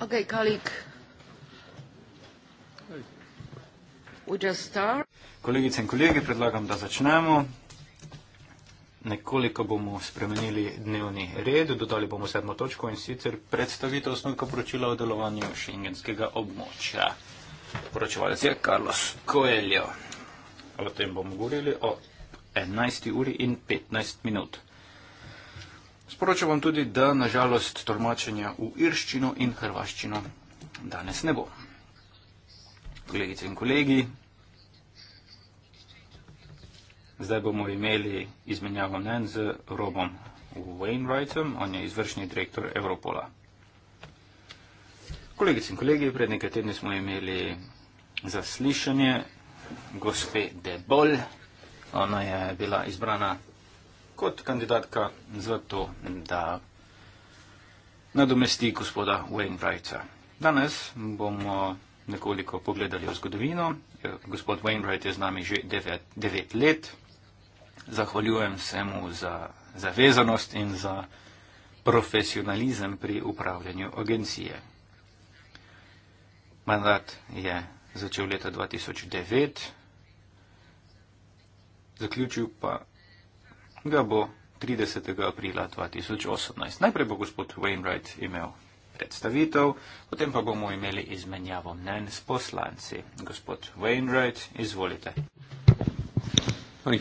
Okay, colleague. Kolegice in kolegi, predlagam, da začnemo. Nekoliko bomo spremenili dnevni red, dodali bomo sedmo točko in sicer predstavitev osnovka poročila o delovanju šengenskega območja. Poročevalec je Carlos Coelho. O tem bomo govorili o 11. uri in 15 minut. Sporočam vam tudi, da nažalost tolmačenja v irščino in hrvaščino danes ne bo. Kolegice in kolegi, zdaj bomo imeli izmenjavo mnen z Robom Wainwrightom, on je izvršni direktor Evropola. Kolegice in kolegi, pred nekaj tedni smo imeli zaslišanje gospe Debol. Ona je bila izbrana kot kandidatka za to, da nadomesti gospoda Wainwrighta. Danes bomo nekoliko pogledali v zgodovino. Eh, gospod Wainwright je z nami že devet, devet let. Zahvaljujem se mu za zavezanost in za profesionalizem pri upravljanju agencije. Mandat je začel leta 2009, zaključil pa ga bo 30. aprila 2018. Najprej bo gospod Wainwright imel predstavitev, potem pa bomo imeli izmenjavo mnen s poslanci. Gospod Wainwright, izvolite. Uh,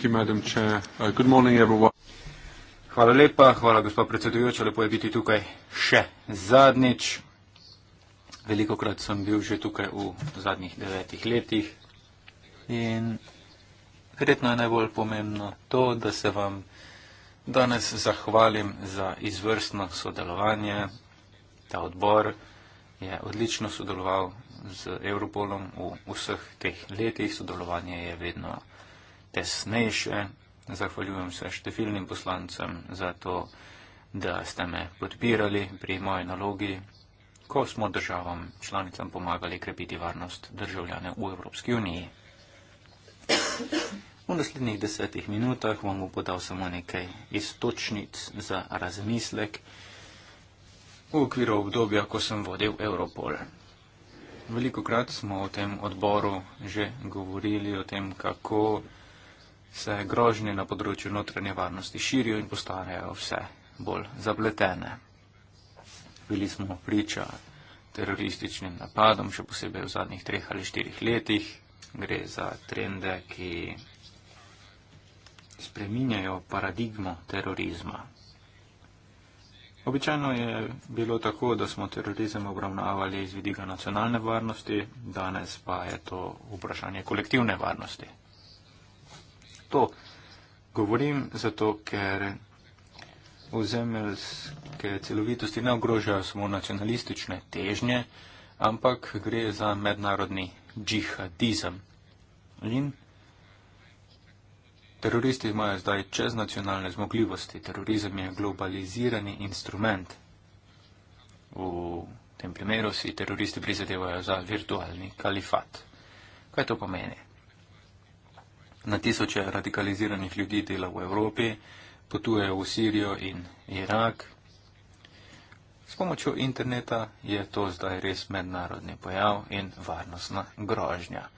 hvala lepa, hvala gospod predsedujoča, lepo je biti tukaj še zadnjič. Veliko krat sem bil že tukaj v zadnjih devetih letih in Verjetno je najbolj pomembno to, da se vam danes zahvalim za izvrstno sodelovanje. Ta odbor je odlično sodeloval z Europolom v vseh teh letih. Sodelovanje je vedno tesnejše. Zahvaljujem se številnim poslancem za to, da ste me podpirali pri moji nalogi, ko smo državam članicam pomagali krepiti varnost državljane v Evropski uniji. V naslednjih desetih minutah vam bom podal samo nekaj istočnic za razmislek v okviru obdobja, ko sem vodil Europol. Veliko krat smo v tem odboru že govorili o tem, kako se grožnje na področju notranje varnosti širijo in postarajo vse bolj zapletene. Bili smo priča terorističnim napadom, še posebej v zadnjih treh ali štirih letih gre za trende, ki spreminjajo paradigmo terorizma. Običajno je bilo tako, da smo terorizem obravnavali iz vidika nacionalne varnosti, danes pa je to vprašanje kolektivne varnosti. To govorim zato, ker ozemeljske celovitosti ne ogrožajo samo nacionalistične težnje, ampak gre za mednarodni džihadizem in teroristi imajo zdaj čez nacionalne zmogljivosti. Terorizem je globalizirani instrument. V tem primeru si teroristi prizadevajo za virtualni kalifat. Kaj to pomeni? Na tisoče radikaliziranih ljudi dela v Evropi, potujejo v Sirijo in Irak. S pomočjo interneta je to zdaj res mednarodni pojav in varnostna grožnja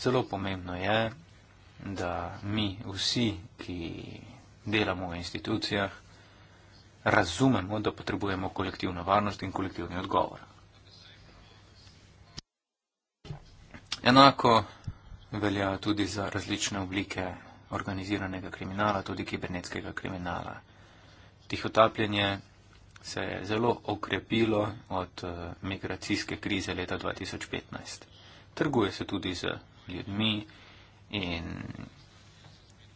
zelo pomembno je, da mi vsi, ki delamo v institucijah, razumemo, da potrebujemo kolektivno varnost in kolektivni odgovor. Enako velja tudi za različne oblike organiziranega kriminala, tudi kibernetskega kriminala. Tihotapljenje se je zelo okrepilo od eh, migracijske krize leta 2015. Trguje se tudi z ljudmi in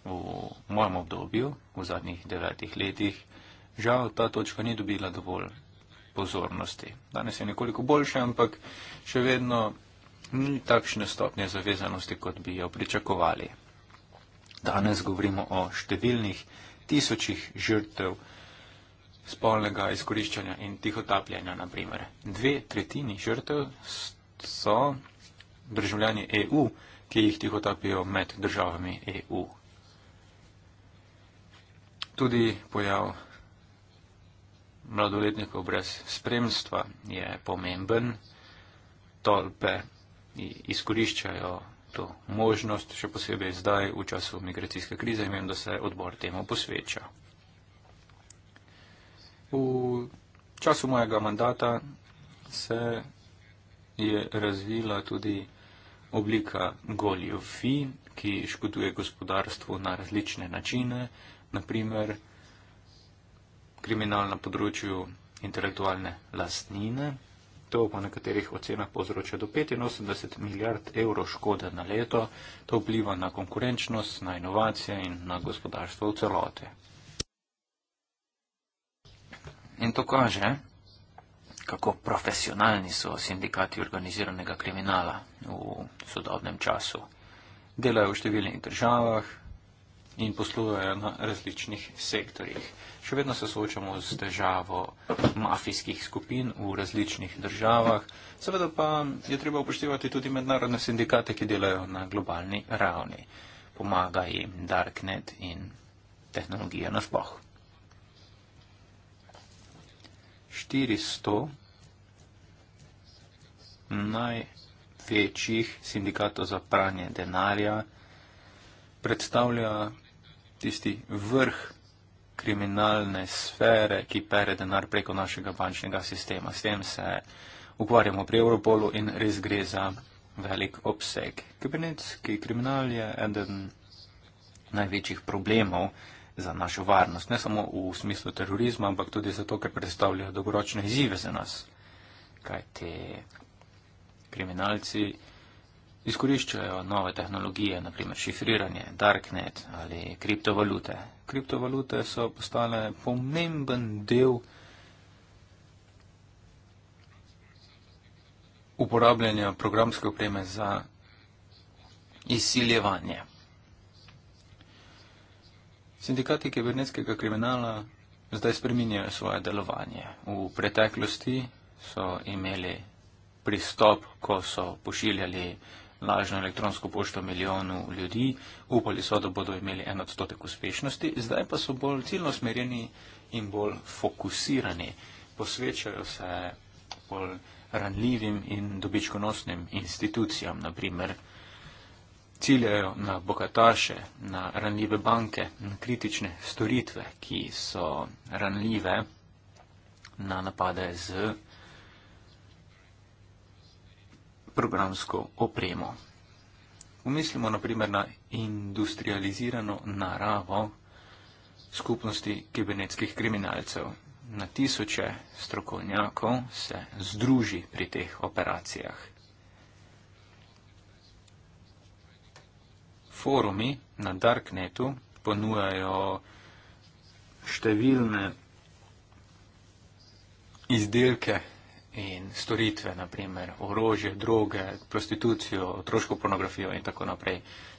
v mojem obdobju, v zadnjih devetih letih, žal ta točka ni dobila dovolj pozornosti. Danes je nekoliko boljše, ampak še vedno ni takšne stopnje zavezanosti, kot bi jo pričakovali. Danes govorimo o številnih tisočih žrtev spolnega izkoriščanja in tihotapljanja, naprimer. Dve tretjini žrtev so državljani EU, ki jih tiho tapijo med državami EU. Tudi pojav mladoletnikov brez spremstva je pomemben. Tolpe izkoriščajo to možnost, še posebej zdaj v času migracijske krize in vem, da se odbor temu posveča. V času mojega mandata se je razvila tudi oblika goljofi, ki škoduje gospodarstvu na različne načine, naprimer kriminal na področju intelektualne lastnine. To po nekaterih ocenah povzroča do 85 milijard evrov škode na leto. To vpliva na konkurenčnost, na inovacije in na gospodarstvo v celote. In to kaže, kako profesionalni so sindikati organiziranega kriminala v sodobnem času. Delajo v številnih državah in poslujejo na različnih sektorjih. Še vedno se soočamo z težavo mafijskih skupin v različnih državah, seveda pa je treba upoštevati tudi mednarodne sindikate, ki delajo na globalni ravni. Pomaga jim Darknet in tehnologija na spohu. 400 največjih sindikatov za pranje denarja predstavlja tisti vrh kriminalne sfere, ki pere denar preko našega bančnega sistema. S tem se ukvarjamo pri Europolu in res gre za velik obseg. Kibernetski kriminal je eden največjih problemov, za našo varnost, ne samo v smislu terorizma, ampak tudi zato, ker predstavljajo dolgoročne izzive za nas. Kaj te kriminalci izkoriščajo nove tehnologije, naprimer šifriranje, darknet ali kriptovalute. Kriptovalute so postale pomemben del uporabljanja programske opreme za izsiljevanje. Sindikati kibernetskega kriminala zdaj spreminjajo svoje delovanje. V preteklosti so imeli pristop, ko so pošiljali lažno elektronsko pošto milijonu ljudi, upali so, da bodo imeli en odstotek uspešnosti, zdaj pa so bolj ciljno smerjeni in bolj fokusirani. Posvečajo se bolj ranljivim in dobičkonosnim institucijam, naprimer ciljajo na bogataše, na ranljive banke, na kritične storitve, ki so ranljive na napade z programsko opremo. Umislimo naprimer na industrializirano naravo skupnosti kibernetskih kriminalcev. Na tisoče strokovnjakov se združi pri teh operacijah. forumi na Darknetu ponujajo številne izdelke in storitve, naprimer orožje, droge, prostitucijo, otroško pornografijo in tako naprej.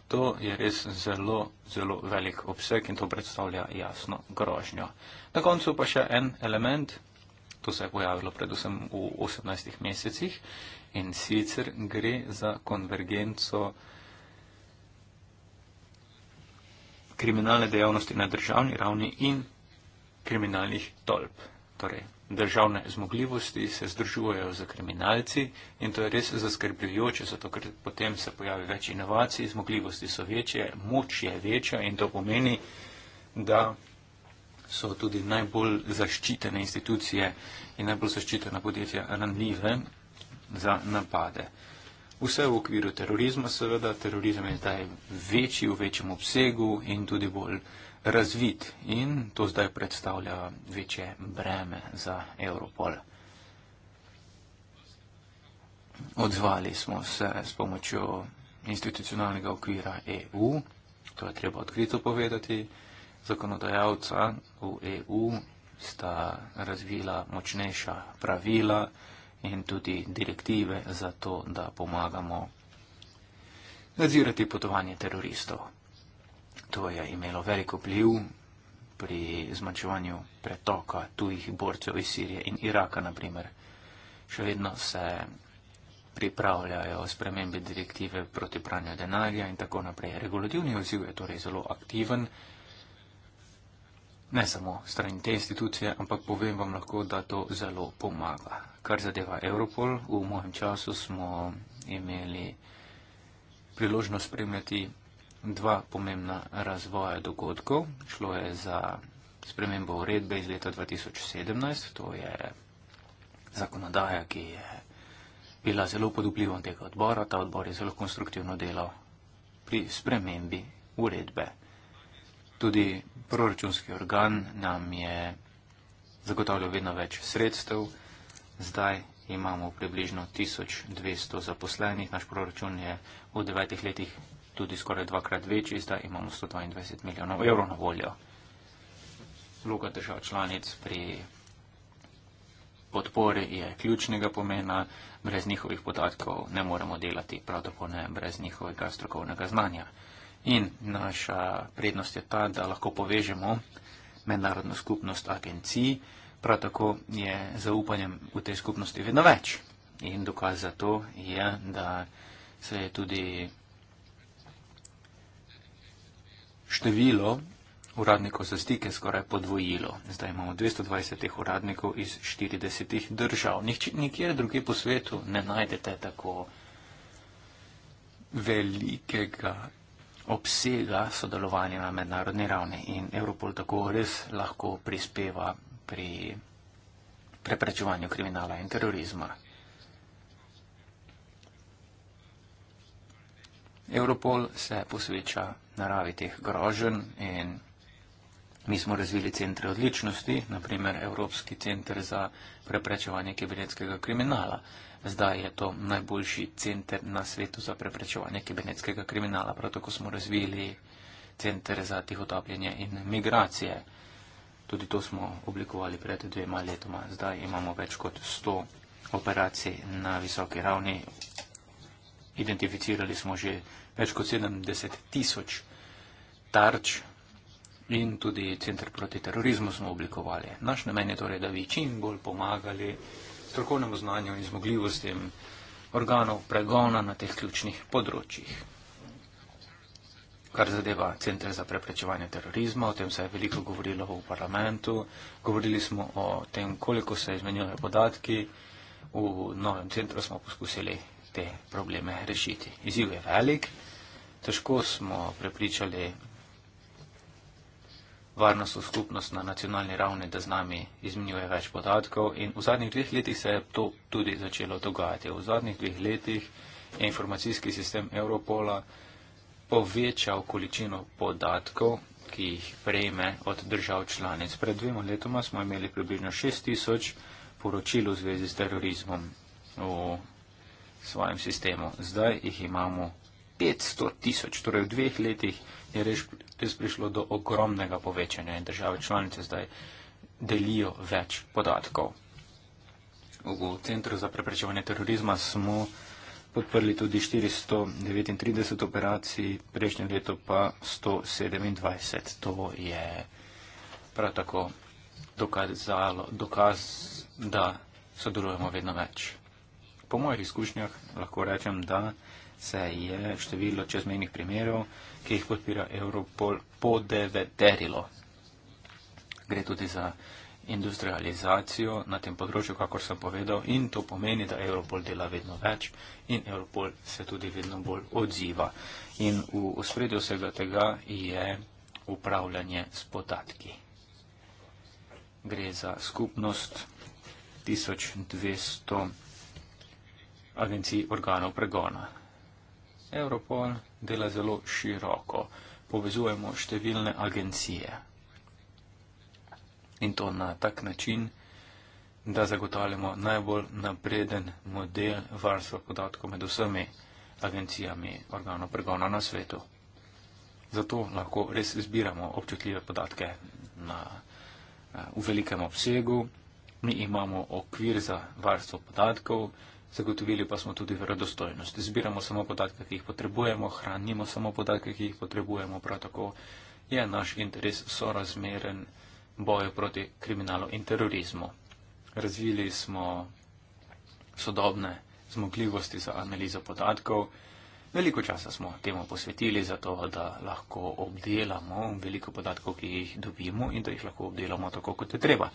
To je res zelo, zelo velik obseg in to predstavlja jasno grožnjo. Na koncu pa še en element, to se je pojavilo predvsem v 18 mesecih in sicer gre za konvergenco kriminalne dejavnosti na državni ravni in kriminalnih tolp. Torej, državne zmogljivosti se združujejo za kriminalci in to je res zaskrbljujoče, zato ker potem se pojavi več inovacij, zmogljivosti so večje, moč je večja in to pomeni, da so tudi najbolj zaščitene institucije in najbolj zaščitena podjetja ranljive za napade. Vse v okviru terorizma, seveda, terorizem je zdaj večji, v večjem obsegu in tudi bolj razvit in to zdaj predstavlja večje breme za Europol. Odzvali smo se s pomočjo institucionalnega okvira EU, to je treba odkrito povedati, zakonodajalca v EU sta razvila močnejša pravila, in tudi direktive za to, da pomagamo nadzirati potovanje teroristov. To je imelo velik vpliv pri zmanjševanju pretoka tujih borcev iz Sirije in Iraka, naprimer. Še vedno se pripravljajo spremembe direktive proti pranju denarja in tako naprej. Regulativni odziv je torej zelo aktiven, ne samo strani te institucije, ampak povem vam lahko, da to zelo pomaga kar zadeva Europol, v mojem času smo imeli priložnost spremljati dva pomembna razvoja dogodkov. Šlo je za spremembo uredbe iz leta 2017, to je zakonodaja, ki je bila zelo pod vplivom tega odbora. Ta odbor je zelo konstruktivno delal pri spremembi uredbe. Tudi proračunski organ nam je zagotavljal vedno več sredstev. Zdaj imamo približno 1200 zaposlenih, naš proračun je v devetih letih tudi skoraj dvakrat večji, zdaj imamo 122 milijonov evrov na voljo. Vloga držav članic pri podpori je ključnega pomena, brez njihovih podatkov ne moremo delati, prav tako ne brez njihovega strokovnega znanja. In naša prednost je ta, da lahko povežemo mednarodno skupnost agencij, Prav tako je zaupanjem v tej skupnosti vedno več. In dokaz za to je, da se je tudi število uradnikov za stike skoraj podvojilo. Zdaj imamo 220 uradnikov iz 40 držav. Nikjer druge po svetu ne najdete tako velikega obsega sodelovanja na mednarodni ravni. In Europol tako res lahko prispeva pri preprečevanju kriminala in terorizma. Europol se posveča naravi teh grožen in mi smo razvili centre odličnosti, naprimer Evropski centr za preprečevanje kibernetskega kriminala. Zdaj je to najboljši centr na svetu za preprečevanje kibernetskega kriminala, prav tako smo razvili centr za tihotapljenje in migracije. Tudi to smo oblikovali pred dvema letoma. Zdaj imamo več kot 100 operacij na visoki ravni. Identificirali smo že več kot 70 tisoč tarč in tudi centr proti terorizmu smo oblikovali. Naš namen je torej, da bi čim bolj pomagali strokovnemu znanju in zmogljivostim organov pregona na teh ključnih področjih kar zadeva centre za preprečevanje terorizma, o tem se je veliko govorilo v parlamentu, govorili smo o tem, koliko se izmenjujejo podatki, v novem centru smo poskusili te probleme rešiti. Izziv je velik, težko smo prepričali varnostno skupnost na nacionalni ravni, da z nami izmenjuje več podatkov in v zadnjih dveh letih se je to tudi začelo dogajati. V zadnjih dveh letih je informacijski sistem Europola povečal količino podatkov, ki jih prejme od držav članic. Pred dvema letoma smo imeli približno 6000 poročil v zvezi s terorizmom v svojem sistemu. Zdaj jih imamo 500 tisoč, torej v dveh letih je res prišlo do ogromnega povečanja in države članice zdaj delijo več podatkov. V Centru za preprečevanje terorizma smo podprli tudi 439 operacij, prejšnje leto pa 127. To je prav tako dokazalo, dokaz, da sodelujemo vedno več. Po mojih izkušnjah lahko rečem, da se je število čezmejnih primerov, ki jih podpira Europol, podeveterilo. Gre tudi za industrializacijo na tem področju, kakor sem povedal, in to pomeni, da Europol dela vedno več in Europol se tudi vedno bolj odziva. In v spredju vsega tega je upravljanje s podatki. Gre za skupnost 1200 agencij organov pregona. Europol dela zelo široko. Povezujemo številne agencije in to na tak način, da zagotavljamo najbolj napreden model varstva podatkov med vsemi agencijami organov pregona na svetu. Zato lahko res zbiramo občutljive podatke na, eh, v velikem obsegu. Mi imamo okvir za varstvo podatkov, zagotovili pa smo tudi verodostojnost. Zbiramo samo podatke, ki jih potrebujemo, hranimo samo podatke, ki jih potrebujemo. Prav tako je naš interes sorazmeren boju proti kriminalu in terorizmu. Razvili smo sodobne zmogljivosti za analizo podatkov. Veliko časa smo temu posvetili, zato da lahko obdelamo veliko podatkov, ki jih dobimo in da jih lahko obdelamo tako, kot je treba.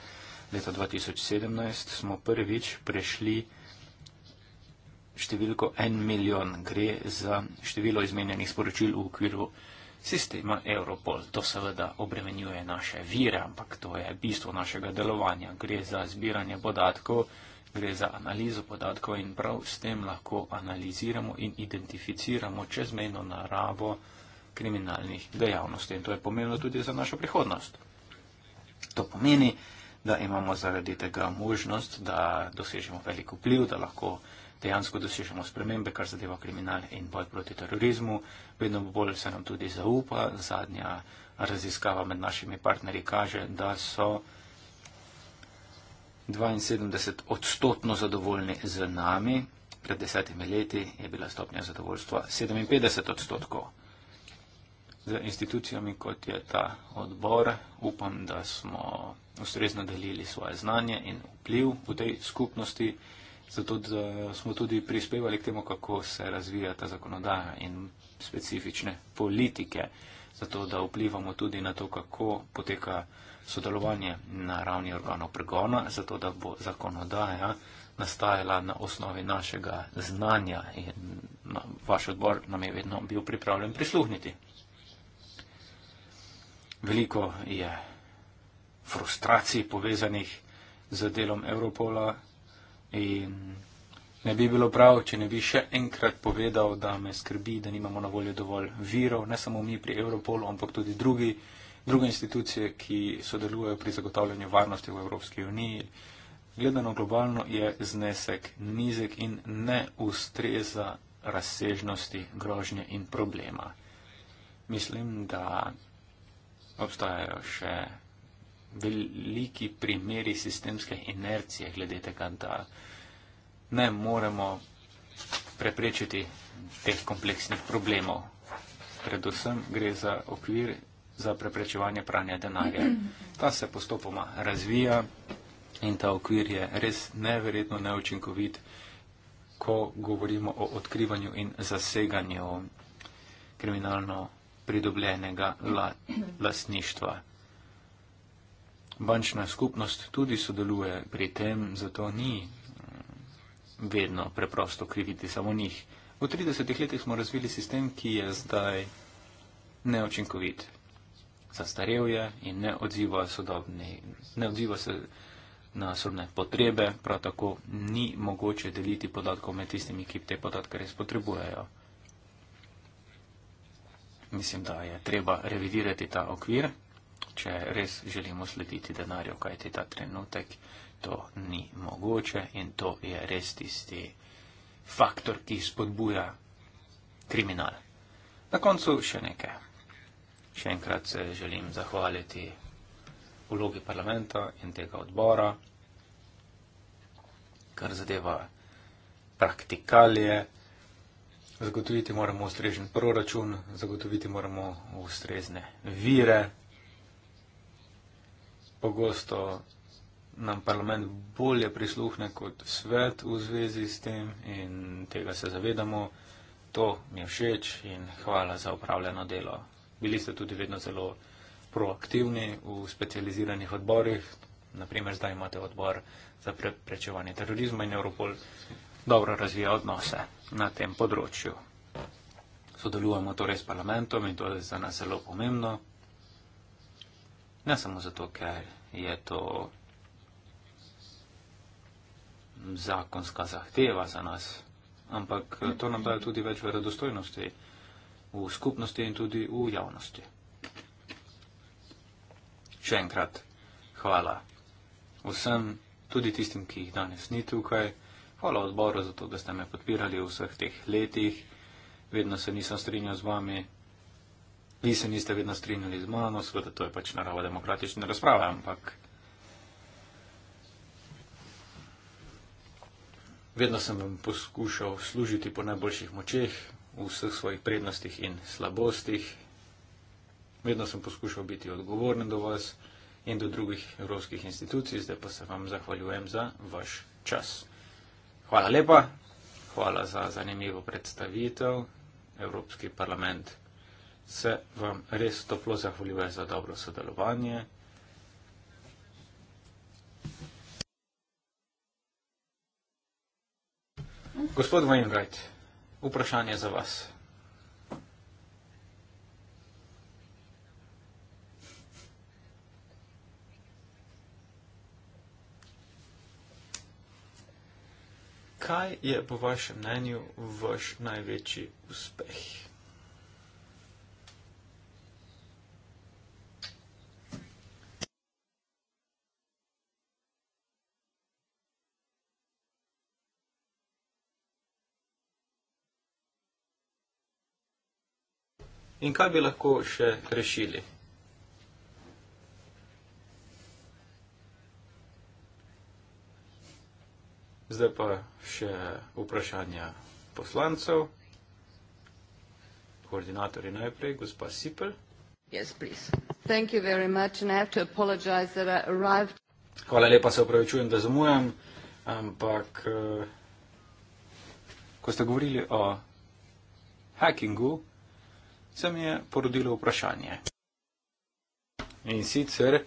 Leta 2017 smo prvič prešli številko en milijon. Gre za število izmenjenih sporočil v okviru Sistema Europol to seveda obremenjuje naše vire, ampak to je bistvo našega delovanja. Gre za zbiranje podatkov, gre za analizo podatkov in prav s tem lahko analiziramo in identificiramo čezmejno naravo kriminalnih dejavnosti. In to je pomembno tudi za našo prihodnost. To pomeni, da imamo zaradi tega možnost, da dosežemo veliko vpliv, da lahko dejansko dosežemo spremembe, kar zadeva kriminal in boj proti terorizmu. Vedno bolj se nam tudi zaupa. Zadnja raziskava med našimi partnerji kaže, da so 72 odstotno zadovoljni z nami. Pred desetimi leti je bila stopnja zadovoljstva 57 odstotkov. Z institucijami, kot je ta odbor, upam, da smo ustrezno delili svoje znanje in vpliv v tej skupnosti. Zato smo tudi prispevali k temu, kako se razvija ta zakonodaja in specifične politike, zato da vplivamo tudi na to, kako poteka sodelovanje na ravni organov pregona, zato da bo zakonodaja nastajala na osnovi našega znanja in na vaš odbor nam je vedno bil pripravljen prisluhniti. Veliko je frustracij povezanih z delom Evropola. In ne bi bilo prav, če ne bi še enkrat povedal, da me skrbi, da nimamo na voljo dovolj virov, ne samo mi pri Europolu, ampak tudi drugi, druge institucije, ki sodelujejo pri zagotavljanju varnosti v Evropski uniji. Gledano globalno je znesek nizek in ne ustreza razsežnosti grožnje in problema. Mislim, da obstajajo še veliki primeri sistemske inercije glede tega, da ne moremo preprečiti teh kompleksnih problemov. Predvsem gre za okvir za preprečevanje pranja denarja. Ta se postopoma razvija in ta okvir je res neverjetno neučinkovit, ko govorimo o odkrivanju in zaseganju kriminalno pridobljenega la, lasništva bančna skupnost tudi sodeluje pri tem, zato ni mm, vedno preprosto kriviti samo njih. V 30-ih letih smo razvili sistem, ki je zdaj neočinkovit. Zastarev je in ne odziva, sodobni, ne odziva se na sodne potrebe, prav tako ni mogoče deliti podatkov med tistimi, ki te podatke res potrebujejo. Mislim, da je treba revidirati ta okvir če res želimo slediti denarju, kaj ti ta trenutek, to ni mogoče in to je res tisti faktor, ki spodbuja kriminal. Na koncu še nekaj. Še enkrat se želim zahvaliti vlogi parlamenta in tega odbora, kar zadeva praktikalje. Zagotoviti moramo ustrežen proračun, zagotoviti moramo ustrezne vire pogosto nam parlament bolje prisluhne kot svet v zvezi s tem in tega se zavedamo. To mi je všeč in hvala za upravljeno delo. Bili ste tudi vedno zelo proaktivni v specializiranih odborih, naprimer zdaj imate odbor za preprečevanje terorizma in Europol dobro razvija odnose na tem področju. Sodelujemo torej s parlamentom in to je za nas zelo pomembno ne samo zato, ker je to zakonska zahteva za nas, ampak to nam daje tudi več verodostojnosti v skupnosti in tudi v javnosti. Še enkrat hvala vsem, tudi tistim, ki jih danes ni tukaj. Hvala odboru za to, da ste me podpirali v vseh teh letih. Vedno se nisem strinjal z vami, vi se niste vedno strinjali z mano, seveda to je pač narava demokratične razprave, ampak vedno sem vam poskušal služiti po najboljših močeh, v vseh svojih prednostih in slabostih. Vedno sem poskušal biti odgovoren do vas in do drugih evropskih institucij, zdaj pa se vam zahvaljujem za vaš čas. Hvala lepa, hvala za zanimivo predstavitev. Evropski parlament se vam res toplo zahvaljuje za dobro sodelovanje. Gospod Weingart, vprašanje za vas. Kaj je po vašem mnenju vaš največji uspeh? In kaj bi lahko še rešili? Zdaj pa še vprašanja poslancev. Koordinatorji najprej, gospa Sipel. Yes, Thank you very much and I have to apologize that I arrived. Hvala lepa, se opravičujem, da zamujam, ampak eh, ko ste govorili o hackingu, se mi je porodilo vprašanje. In sicer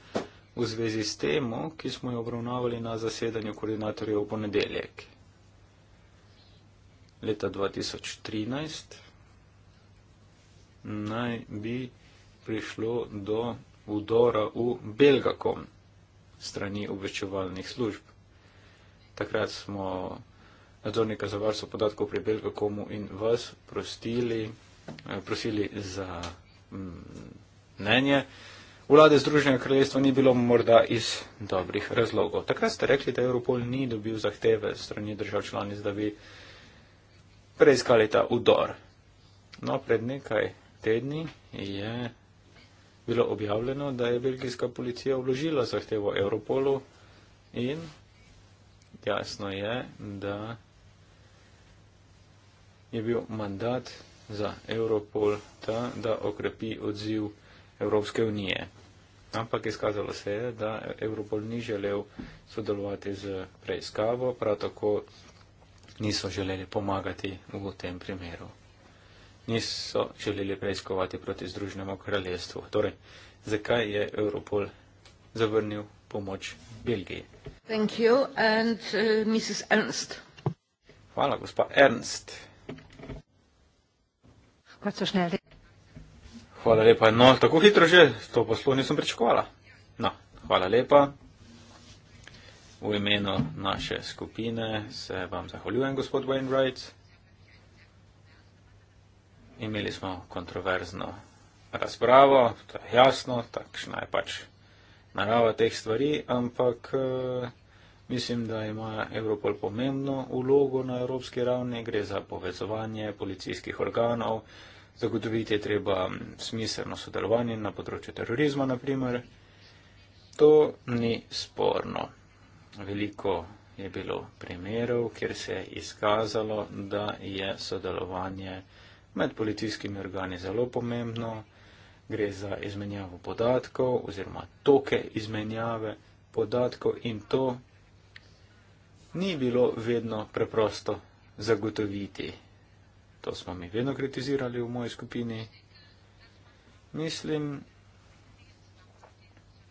v zvezi s temo, ki smo jo obravnavali na zasedanju koordinatorjev v ponedeljek leta 2013, naj bi prišlo do udora v Belgakom strani obveščevalnih služb. Takrat smo nadzornika za varstvo podatkov pri Belgakomu in vas prostili Eh, prosili za mm, mnenje. Vlade Združenega kraljestva ni bilo morda iz dobrih razlogov. Takrat ste rekli, da Europol ni dobil zahteve strani držav članic, da bi preiskali ta udor. No, pred nekaj tedni je bilo objavljeno, da je belgijska policija vložila zahtevo Europolu in jasno je, da je bil mandat za Europol, ta, da okrepi odziv Evropske unije. Ampak izkazalo se je, da Europol ni želel sodelovati z preiskavo, prav tako niso želeli pomagati v tem primeru. Niso želeli preiskovati proti Združenemu kraljestvu. Torej, zakaj je Europol zavrnil pomoč Belgiji? And, uh, Hvala, gospa Ernst kot so šneli. Hvala lepa. No, tako hitro že, to poslov nisem pričakovala. No, hvala lepa. V imenu naše skupine se vam zahvaljujem, gospod Wainwright. Imeli smo kontroverzno razpravo, to je jasno, takšna je pač narava teh stvari, ampak eh, mislim, da ima Evropol pomembno ulogo na evropski ravni, gre za povezovanje policijskih organov zagotoviti je treba smiselno sodelovanje na področju terorizma, naprimer. To ni sporno. Veliko je bilo primerov, kjer se je izkazalo, da je sodelovanje med policijskimi organi zelo pomembno. Gre za izmenjavo podatkov oziroma toke izmenjave podatkov in to ni bilo vedno preprosto zagotoviti. To smo mi vedno kritizirali v moji skupini. Mislim,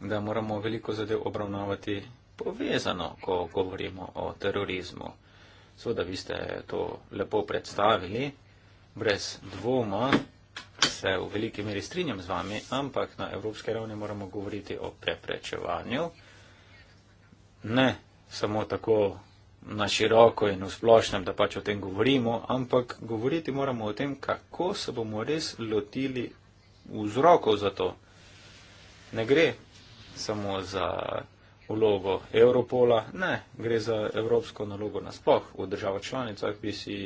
da moramo veliko zadev obravnavati povezano, ko govorimo o terorizmu. Seveda, vi ste to lepo predstavili, brez dvoma se v veliki meri strinjam z vami, ampak na evropske ravni moramo govoriti o preprečevanju. Ne samo tako na široko in v splošnem, da pač o tem govorimo, ampak govoriti moramo o tem, kako se bomo res lotili vzrokov za to. Ne gre samo za vlogo Evropola, ne, gre za evropsko nalogo nasploh v državah članicah, bi si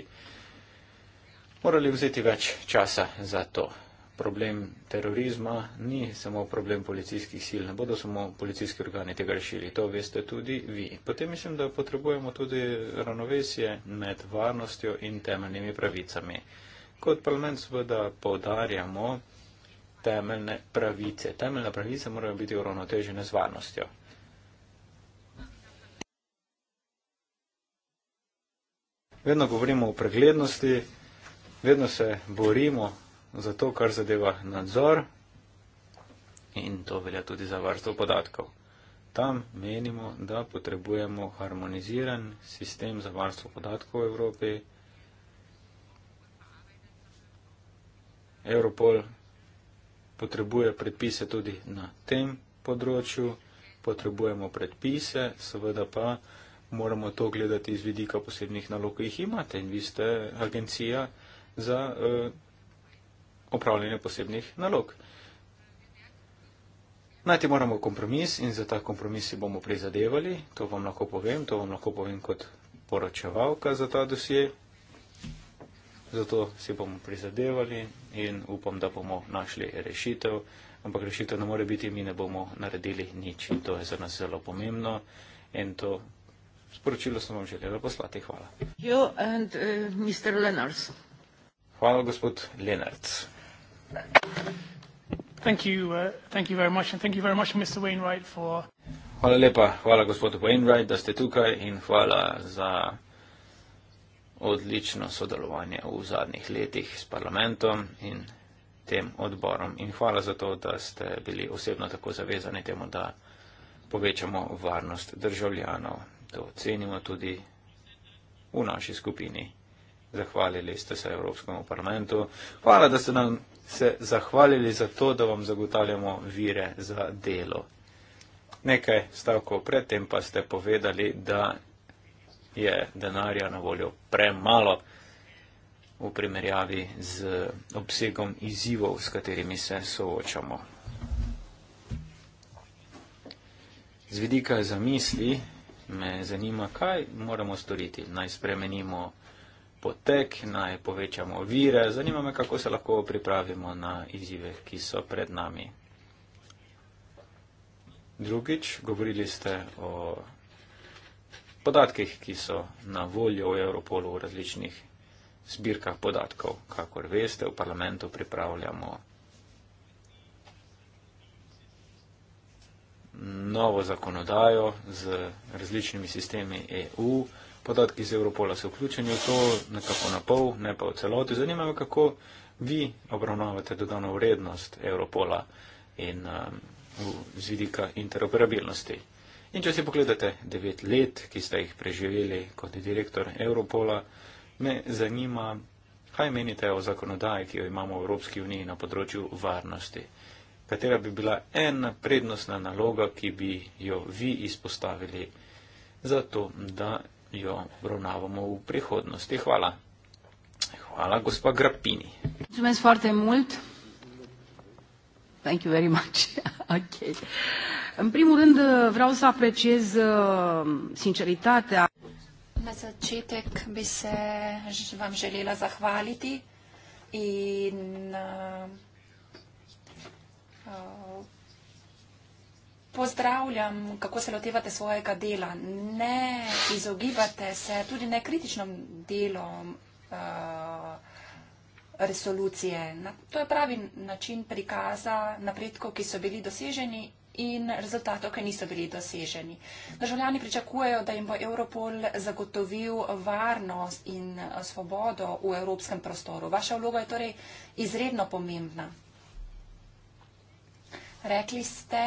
morali vzeti več časa za to problem terorizma, ni samo problem policijskih sil, ne bodo samo policijski organi tega rešili, to veste tudi vi. Potem mislim, da potrebujemo tudi ravnovesje med varnostjo in temeljnimi pravicami. Kot parlament seveda povdarjamo temeljne pravice. Temeljne pravice morajo biti uravnotežene z varnostjo. Vedno govorimo o preglednosti, vedno se borimo zato, kar zadeva nadzor in to velja tudi za varstvo podatkov. Tam menimo, da potrebujemo harmoniziran sistem za varstvo podatkov v Evropi, Europol potrebuje predpise tudi na tem področju, potrebujemo predpise, seveda pa moramo to gledati iz vidika posebnih nalog, ki jih imate in vi ste agencija za eh, opravljanju posebnih nalog. Najti moramo kompromis in za ta kompromis si bomo prizadevali, to vam lahko povem, to vam lahko povem kot poročevalka za ta dosje. Zato si bomo prizadevali in upam, da bomo našli rešitev, ampak rešitev ne more biti, mi ne bomo naredili nič in to je za nas zelo pomembno in to sporočilo sem vam želela poslati. Hvala. Eh, Hvala, gospod Lenarts. Uh, hvala lepa, hvala gospod Wainwright, da ste tukaj in hvala za odlično sodelovanje v zadnjih letih s parlamentom in tem odborom. In hvala za to, da ste bili osebno tako zavezani temu, da povečamo varnost državljanov. To cenimo tudi v naši skupini zahvalili ste se Evropskemu parlamentu. Hvala, da ste nam se zahvalili za to, da vam zagotavljamo vire za delo. Nekaj stavkov predtem pa ste povedali, da je denarja na voljo premalo v primerjavi z obsegom izzivov, s katerimi se soočamo. Z vidika zamisli me zanima, kaj moramo storiti. Naj spremenimo potek, naj povečamo vire. Zanima me, kako se lahko pripravimo na izzive, ki so pred nami. Drugič, govorili ste o podatkih, ki so na voljo v Europolu v različnih zbirkah podatkov. Kakor veste, v parlamentu pripravljamo novo zakonodajo z različnimi sistemi EU podatki iz Evropola so vključeni v to, nekako na pol, ne pa v celoti. Zanima me, kako vi obravnavate dodano vrednost Evropola in um, z vidika interoperabilnosti. In če si pogledate devet let, ki ste jih preživeli kot direktor Evropola, me zanima, kaj menite o zakonodaji, ki jo imamo v Evropski uniji na področju varnosti. Katera bi bila ena prednostna naloga, ki bi jo vi izpostavili za to, da jo obravnavamo v prihodnosti. Hvala. Hvala, gospa Grappini. Thank you very much. ok. În primul rând vreau să apreciez uh, sinceritatea. Na začetek bi se vam želela zahvaliti in uh, uh pozdravljam, kako se lotevate svojega dela. Ne izogibate se tudi nekritičnim delom uh, resolucije. Na, to je pravi način prikaza napredkov, ki so bili doseženi in rezultatov, ki niso bili doseženi. Državljani pričakujejo, da jim bo Europol zagotovil varnost in eh, svobodo v evropskem prostoru. Vaša vloga je torej izredno pomembna. Rekli ste,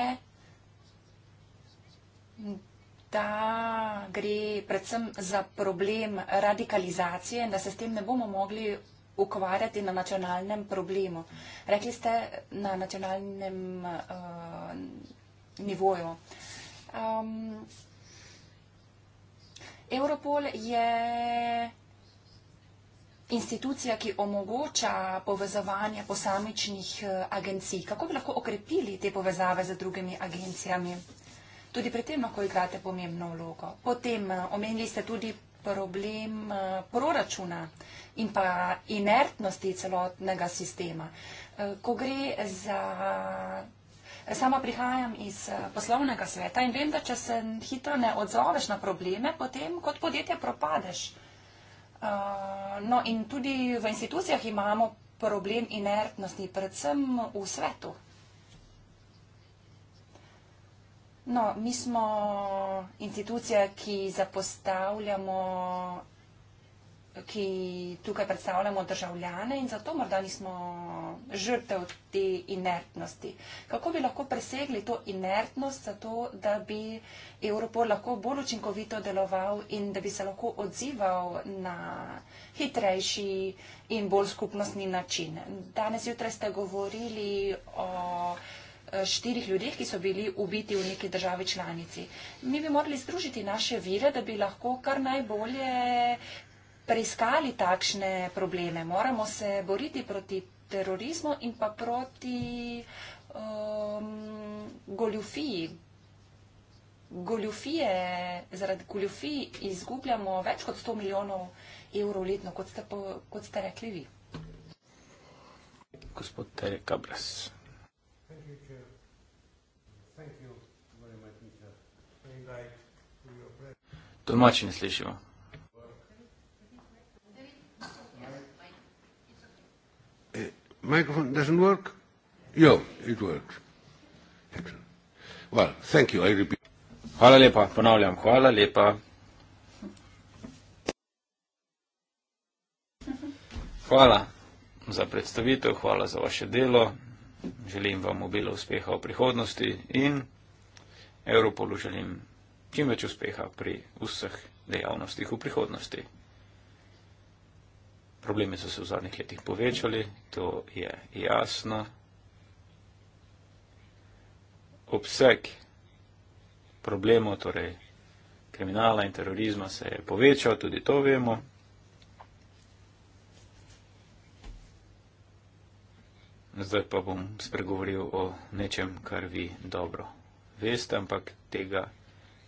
da gre predvsem za problem radikalizacije in da se s tem ne bomo mogli ukvarjati na nacionalnem problemu. Rekli ste na nacionalnem uh, nivoju. Um, Europol je institucija, ki omogoča povezovanje posamičnih eh, agencij. Kako bi lahko okrepili te povezave z drugimi agencijami? tudi pri tem lahko igrate pomembno vlogo. Potem eh, omenili ste tudi problem eh, proračuna in pa inertnosti celotnega sistema. Eh, ko gre za. Sama prihajam iz poslovnega sveta in vem, da če se hitro ne odzoveš na probleme, potem kot podjetje propadeš. No in tudi v institucijah imamo problem inertnosti, predvsem v svetu. No, mi smo institucija, ki zapostavljamo, ki tukaj predstavljamo državljane in zato morda nismo žrtev te inertnosti. Kako bi lahko presegli to inertnost zato, da bi Evropol lahko bolj učinkovito deloval in da bi se lahko odzival na hitrejši in bolj skupnostni način? Danes jutraj ste govorili o Eh, štirih ljudeh, ki so bili ubiti v neki državi članici. Mi bi morali združiti naše vire, da bi lahko kar najbolje preiskali takšne probleme. Moramo se boriti proti terorizmu in pa proti um, goljufiji. Goljufije, zaradi goljufij izgubljamo več kot 100 milijonov evrov letno, kot ste, po, kot ste rekli vi. Gospod Terek Abras. Tolmači ne slišimo. Eh, microphone doesn't work? Jo, it works. Well, thank you, I repeat. Hvala lepa, ponavljam, hvala lepa. Hvala za predstavitev, hvala za vaše delo. Želim vam obilo uspeha v prihodnosti in Europolu želim uspeha čim več uspeha pri vseh dejavnostih v prihodnosti. Problemi so se v zadnjih letih povečali, to je jasno. Obseg problemov, torej kriminala in terorizma, se je povečal, tudi to vemo. Zdaj pa bom spregovoril o nečem, kar vi dobro veste, ampak tega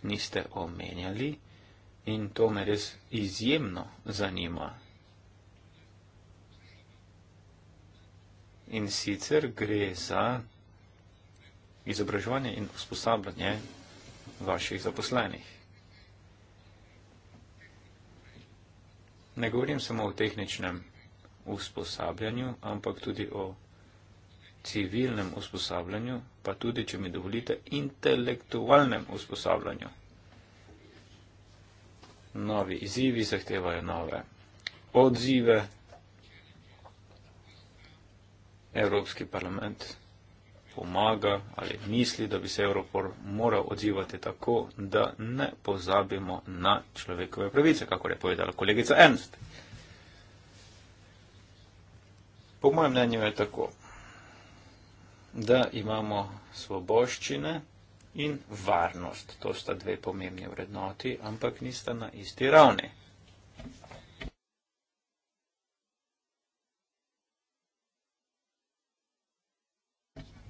niste omenjali in to me res izjemno zanima. In sicer gre za izobraževanje in usposabljanje vaših zaposlenih. Ne govorim samo o tehničnem usposabljanju, ampak tudi o civilnem usposabljanju, pa tudi, če mi dovolite, intelektualnem usposabljanju. Novi izzivi zahtevajo nove odzive. Evropski parlament pomaga ali misli, da bi se Evropor moral odzivati tako, da ne pozabimo na človekove pravice, kako je povedala kolegica Ernst. Po mojem mnenju je tako da imamo svoboščine in varnost. To sta dve pomembni vrednoti, ampak nista na isti ravni.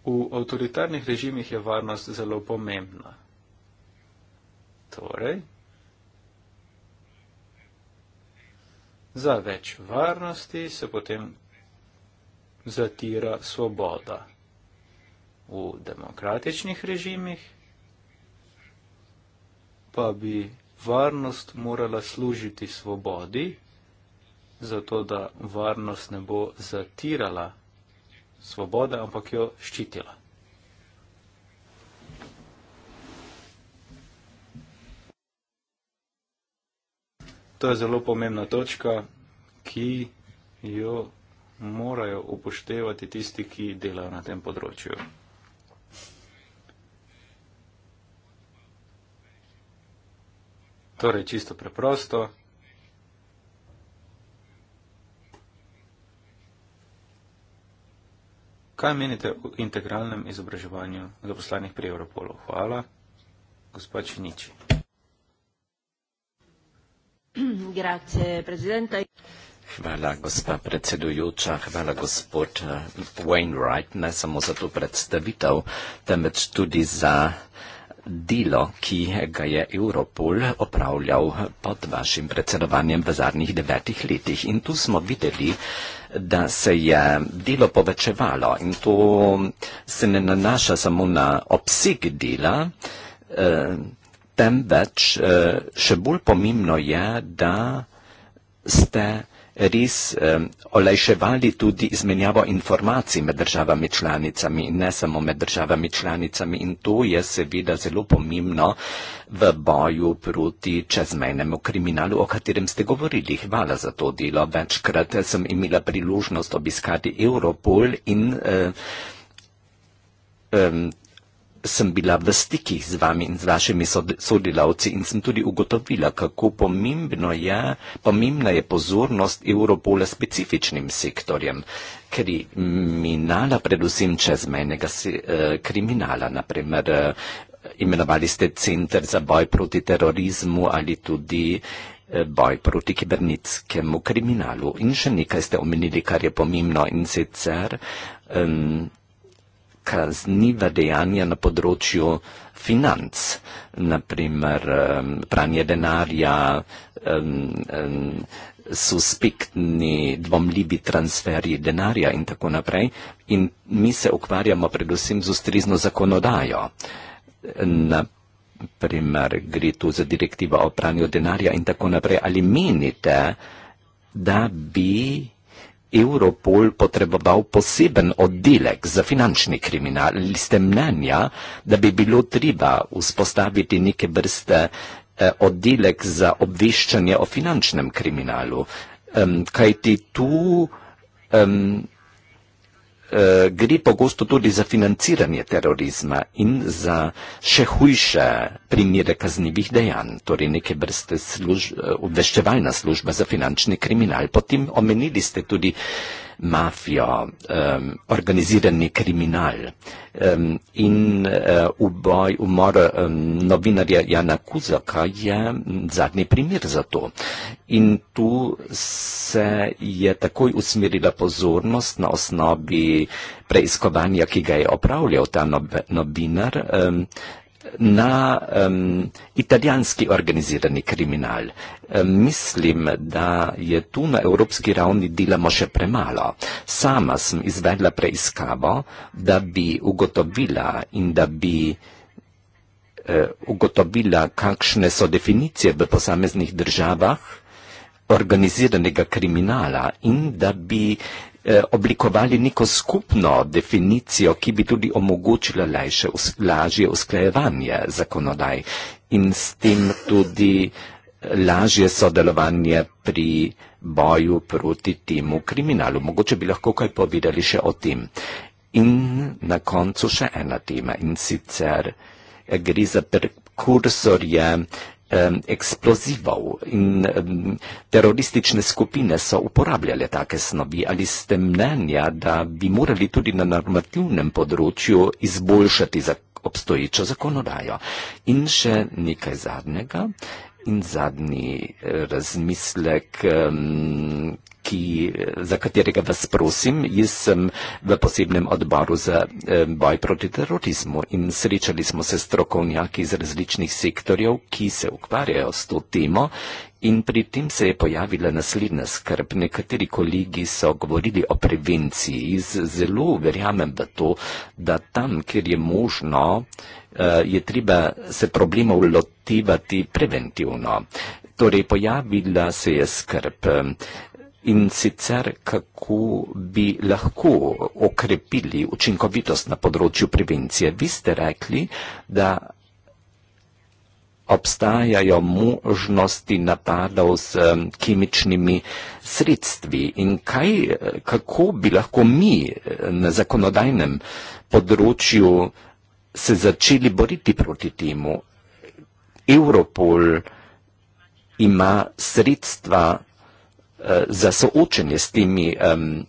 V avtoritarnih režimih je varnost zelo pomembna. Torej, za več varnosti se potem zatira svoboda v demokratičnih režimih, pa bi varnost morala služiti svobodi, zato da varnost ne bo zatirala svobode, ampak jo ščitila. To je zelo pomembna točka, ki jo morajo upoštevati tisti, ki delajo na tem področju. Torej, čisto preprosto. Kaj menite o integralnem izobraževanju zaposlenih pri Europolu? Hvala, gospod Činiči. Grazie, predsednik. Hvala, gospa predsedujoča, hvala, gospod eh, Wainwright, ne samo za to predstavitev, temveč tudi za uh, delo, ki ga je Europol opravljal pod vašim predsedovanjem v zadnjih devetih letih. In tu smo videli, da se je delo povečevalo in to se ne nanaša samo na obseg dela, eh, temveč eh, še bolj pomembno je, da ste res um, olajševali tudi izmenjavo informacij med državami članicami in ne samo med državami članicami in to je seveda zelo pomembno v boju proti čezmejnemu kriminalu, o katerem ste govorili. Hvala za to delo. Večkrat sem imela priložnost obiskati Europol in uh, sem bila v stikih z vami in z vašimi sodelavci in sem tudi ugotovila, kako pomembno je, pomembna je pozornost Europola specifičnim sektorjem, eh, kriminala predvsem čezmejnega kriminala, naprimer eh, imenovali ste Center za boj proti terorizmu ali tudi eh, boj proti kibernetskemu kriminalu. In še nekaj ste omenili, kar je pomembno in sicer. Um, kazniva dejanja na področju financ, naprimer pranje denarja, suspektni, dvomljivi transferji denarja in tako naprej. In mi se ukvarjamo predvsem z ustrezno zakonodajo. Naprimer, gre tu za direktivo o pranju denarja in tako naprej. Ali menite, da bi Europol potreboval poseben oddelek za finančni kriminal, ste mnenja, da bi bilo treba vzpostaviti neke vrste eh, oddelek za obveščanje o finančnem kriminalu, um, kajti tu um, Eh, gre pogosto tudi za financiranje terorizma in za še hujše primere kaznjivih dejanj, torej neke vrste služ, eh, obveščevalna služba za finančni kriminal. Potem omenili ste tudi mafijo, um, organizirani kriminal um, in uh, eh, uboj, umor um, novinarja Jana Kuzaka je zadnji primer za to. In tu se je takoj usmerila pozornost na osnovi preiskovanja, ki ga je opravljal ta nob, novinar. Um, na um, italijanski organizirani kriminal. Um, mislim, da je tu na evropski ravni delamo še premalo. Sama sem izvedla preiskavo, da bi ugotovila in da bi uh, ugotovila, kakšne so definicije v posameznih državah organiziranega kriminala in da bi Eh, oblikovali neko skupno definicijo, ki bi tudi omogočila lažje, lažje usklajevanje zakonodaj in s tem tudi eh, lažje sodelovanje pri boju proti temu kriminalu. Mogoče bi lahko kaj povedali še o tem. In na koncu še ena tema in sicer eh, gre za prekursorje eh, eksplozivov in teroristične skupine so uporabljale take snovi. Ali ste mnenja, da bi morali tudi na normativnem področju izboljšati za obstoječo zakonodajo? In še nekaj zadnjega. In zadnji eh, razmislek, ki, eh, za katerega vas prosim, jaz sem v posebnem odboru za eh, boj proti terorizmu in srečali smo se s strokovnjaki iz različnih sektorjev, ki se ukvarjajo s to temo In pri tem se je pojavila naslednja skrb. Nekateri kolegi so govorili o prevenciji. Zelo verjamem v to, da tam, kjer je možno, eh, je treba se problemov lotevati preventivno. Torej, pojavila se je skrb. In sicer, kako bi lahko okrepili učinkovitost na področju prevencije. Vi ste rekli, da obstajajo možnosti napadov s kemičnimi sredstvi in kaj, kako bi lahko mi na zakonodajnem področju se začeli boriti proti temu. Europol ima sredstva e, za soočenje s temi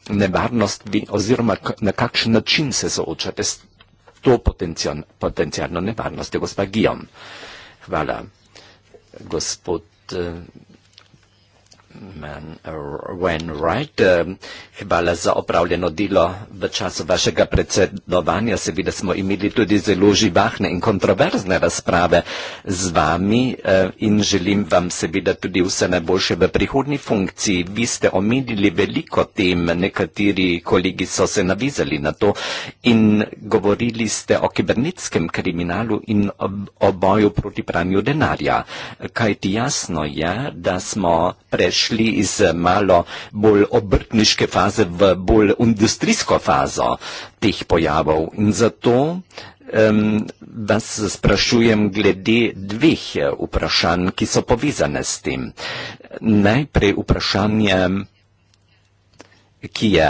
nevarnostmi oziroma na kakšen način se soočate s to potencijalno nevarnostjo, gospa Gijom. Hvala. Gospod eh, Uh, Wayne Wright, um, hvala za opravljeno delo v času vašega predsedovanja. Seveda smo imeli tudi zelo živahne in kontroverzne razprave z vami uh, in želim vam seveda tudi vse najboljše v prihodni funkciji. Vi ste omenili veliko tem, nekateri kolegi so se navizali na to in govorili ste o kibernetskem kriminalu in o boju proti pranju denarja. Kaj ti jasno je, da smo prešli prešli iz malo bolj obrtniške faze v bolj industrijsko fazo teh pojavov. In zato um, vas sprašujem glede dveh eh, vprašanj, ki so povezane s tem. Najprej vprašanje, ki je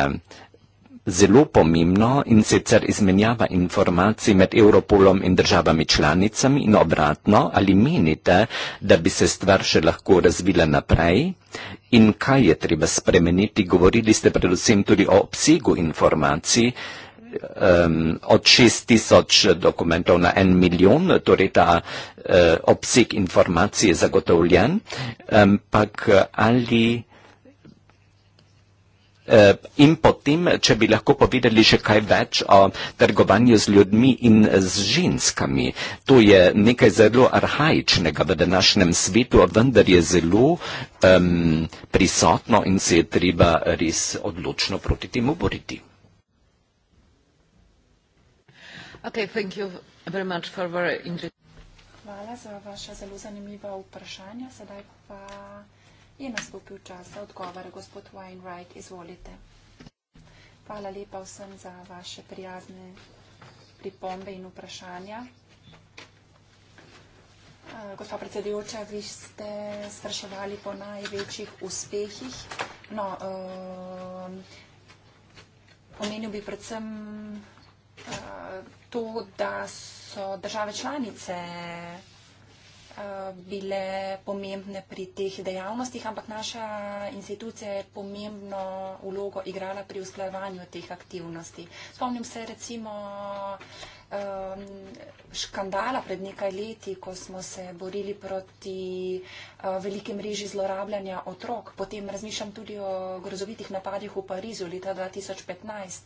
zelo pomembno in sicer izmenjava informacij med Europolom in državami članicami in obratno, ali menite, da bi se stvar še lahko razvila naprej in kaj je treba spremeniti, govorili ste predvsem tudi o obsegu informacij. Um, od 6000 dokumentov na en milijon, torej ta uh, obseg informacije je zagotovljen, ehm, ampak um, ali Eh, in potem, če bi lahko povedali še kaj več o trgovanju z ljudmi in z ženskami. To je nekaj zelo arhajičnega v današnjem svetu, vendar je zelo um, prisotno in se je treba res odločno proti temu boriti. Okay, Hvala za vaše zelo zanimiva vprašanja. Sedaj pa je nastopil čas za odgovore. Gospod Weinreich, izvolite. Hvala lepa vsem za vaše prijazne pripombe in vprašanja. Eh, Gospod predsedujoča, vi ste spraševali po največjih uspehih. No, eh, omenil bi predvsem eh, to, da so države članice Eh, bile pomembne pri teh dejavnostih, ampak naša institucija je pomembno ulogo igrala pri usklajevanju teh aktivnosti. Spomnim se recimo škandala pred nekaj leti, ko smo se borili proti eh, velike mreži zlorabljanja otrok. Potem razmišljam tudi o grozovitih napadih v Parizu leta 2015.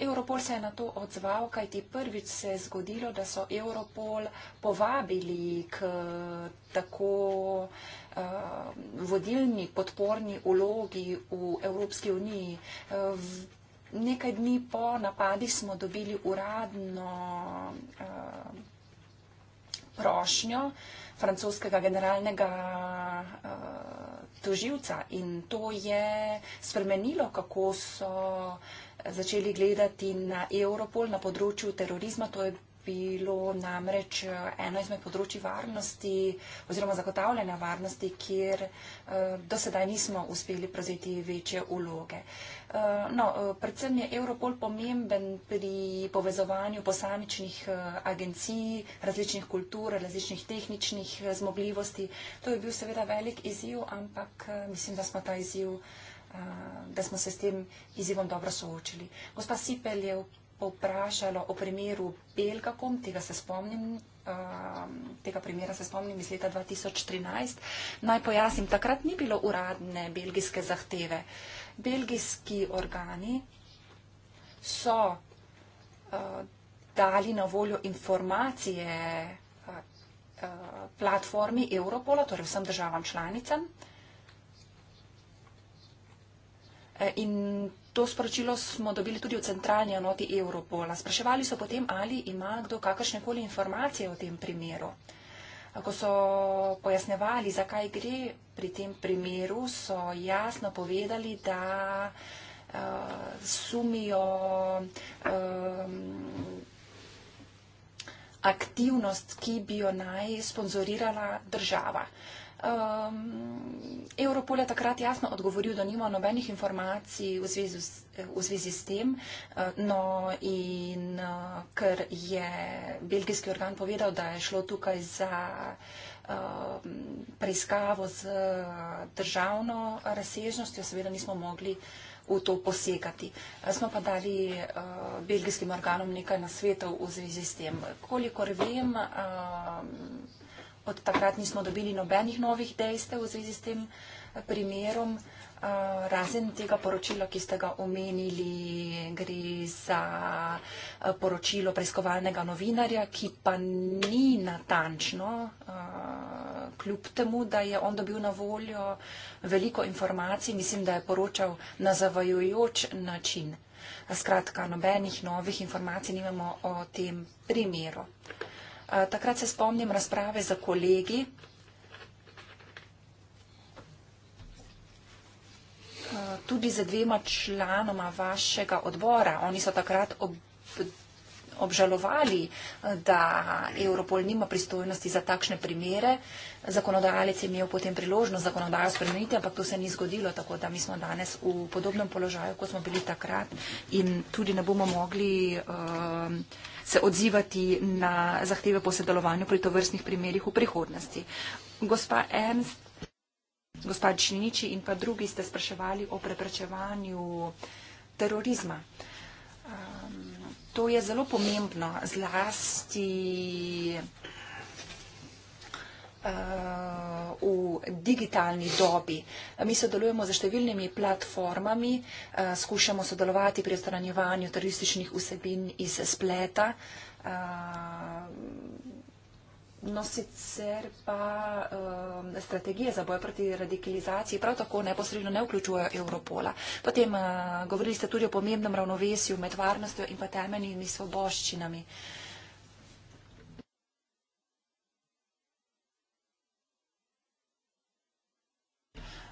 Europol se je na to odzval, kajti prvič se je zgodilo, da so Europol povabili k tako eh, vodilni podporni ulogi v Evropski uniji. Eh, nekaj dni po napadi smo dobili uradno eh, prošnjo francoskega generalnega prošnja toživca in to je spremenilo, kako so začeli gledati na Europol na področju terorizma. To je bilo namreč eh, eno izmed področji varnosti oziroma zagotavljanja varnosti, kjer eh, do sedaj nismo uspeli prevzeti večje uloge. Eh, no, predvsem je Europol pomemben pri povezovanju posamičnih agencij, različnih kultur, različnih tehničnih zmogljivosti. To je bil seveda velik izziv, ampak mislim, da smo ta izziv da smo se s tem izivom dobro soočili. Gospa Sipel je poprašala o primeru Belgakom, tega se spomnim, um, tega primera se spomnim iz leta 2013. Naj pojasnim, takrat ni bilo uradne belgijske zahteve. Belgijski organi so uh, dali na voljo informacije uh, uh, platformi Europola, torej vsem državam članicam. E, in To sporočilo smo dobili tudi v centralni enoti Evropola. Spraševali so potem, ali ima kdo kakršne koli informacije o tem primeru. Ko so pojasnevali, zakaj gre pri tem primeru, so jasno povedali, da uh, sumijo uh, aktivnost, ki bi jo naj sponzorirala država. Uh, Um, Europol je takrat jasno odgovoril, da nima nobenih informacij v zvezi s, v zvezi s tem. Eh, no in eh, ker je belgijski organ povedal, da je šlo tukaj za um, preiskavo z eh, državno razsežnostjo, seveda nismo mogli v to posekati. Smo pa dali uh, belgijskim organom nekaj nasvetov v zvezi s tem. Kolikor vem, uh, od takrat nismo dobili nobenih novih dejstev v zvezi s tem eh, primerom. Eh, razen tega poročila, ki ste ga omenili, gre za eh, poročilo preiskovalnega novinarja, ki pa ni natančno, kljub temu, da je on dobil na voljo veliko informacij, mislim, da je poročal na zavajojoč način. Skratka, nobenih novih informacij nimamo o tem primeru. Eh, takrat se spomnim razprave za kolegi. Eh, tudi za dvema članoma vašega odbora. Oni so takrat ob obžalovali, eh, da Europol nima pristojnosti za takšne primere. Zakonodajalec je imel potem priložnost zakonodajo spremeniti, ampak to se ni zgodilo, tako da mi smo danes v podobnem položaju, kot smo bili takrat in tudi ne bomo mogli uh, se odzivati na zahteve po sedelovanju pri tovrstnih primerih v prihodnosti. Gospa Ernst, gospod Šiniči in pa drugi ste spraševali o preprečevanju terorizma. Uh, to je zelo pomembno, zlasti eh, v digitalni dobi. Mi sodelujemo za številnimi platformami, eh, skušamo sodelovati pri ostranjevanju terorističnih vsebin iz spleta. Eh, No, sicer pa um, strategije za boj proti radikalizaciji prav tako neposredno ne vključujejo Evropola. Potem uh, govorili ste tudi o pomembnem ravnovesju med varnostjo in pa temeljnimi svoboščinami.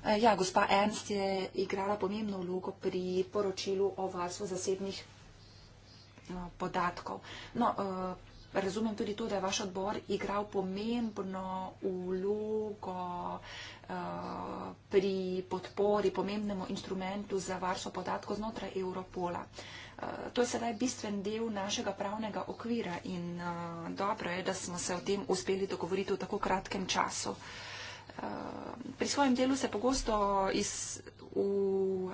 Eh, ja, gospa Ernst je igrala pomembno vlogo pri poročilu o varstvu zasebnih uh, podatkov. No, uh, razumem tudi to, da je vaš odbor igral pomembno vlogo uh, pri podpori pomembnemu instrumentu za varstvo podatkov znotraj Europola. Eh, to je sedaj bistven del našega pravnega okvira in uh, dobro je, da smo se o tem uspeli dogovoriti v tako kratkem času. Uh, pri svojem delu se pogosto iz, v, uh,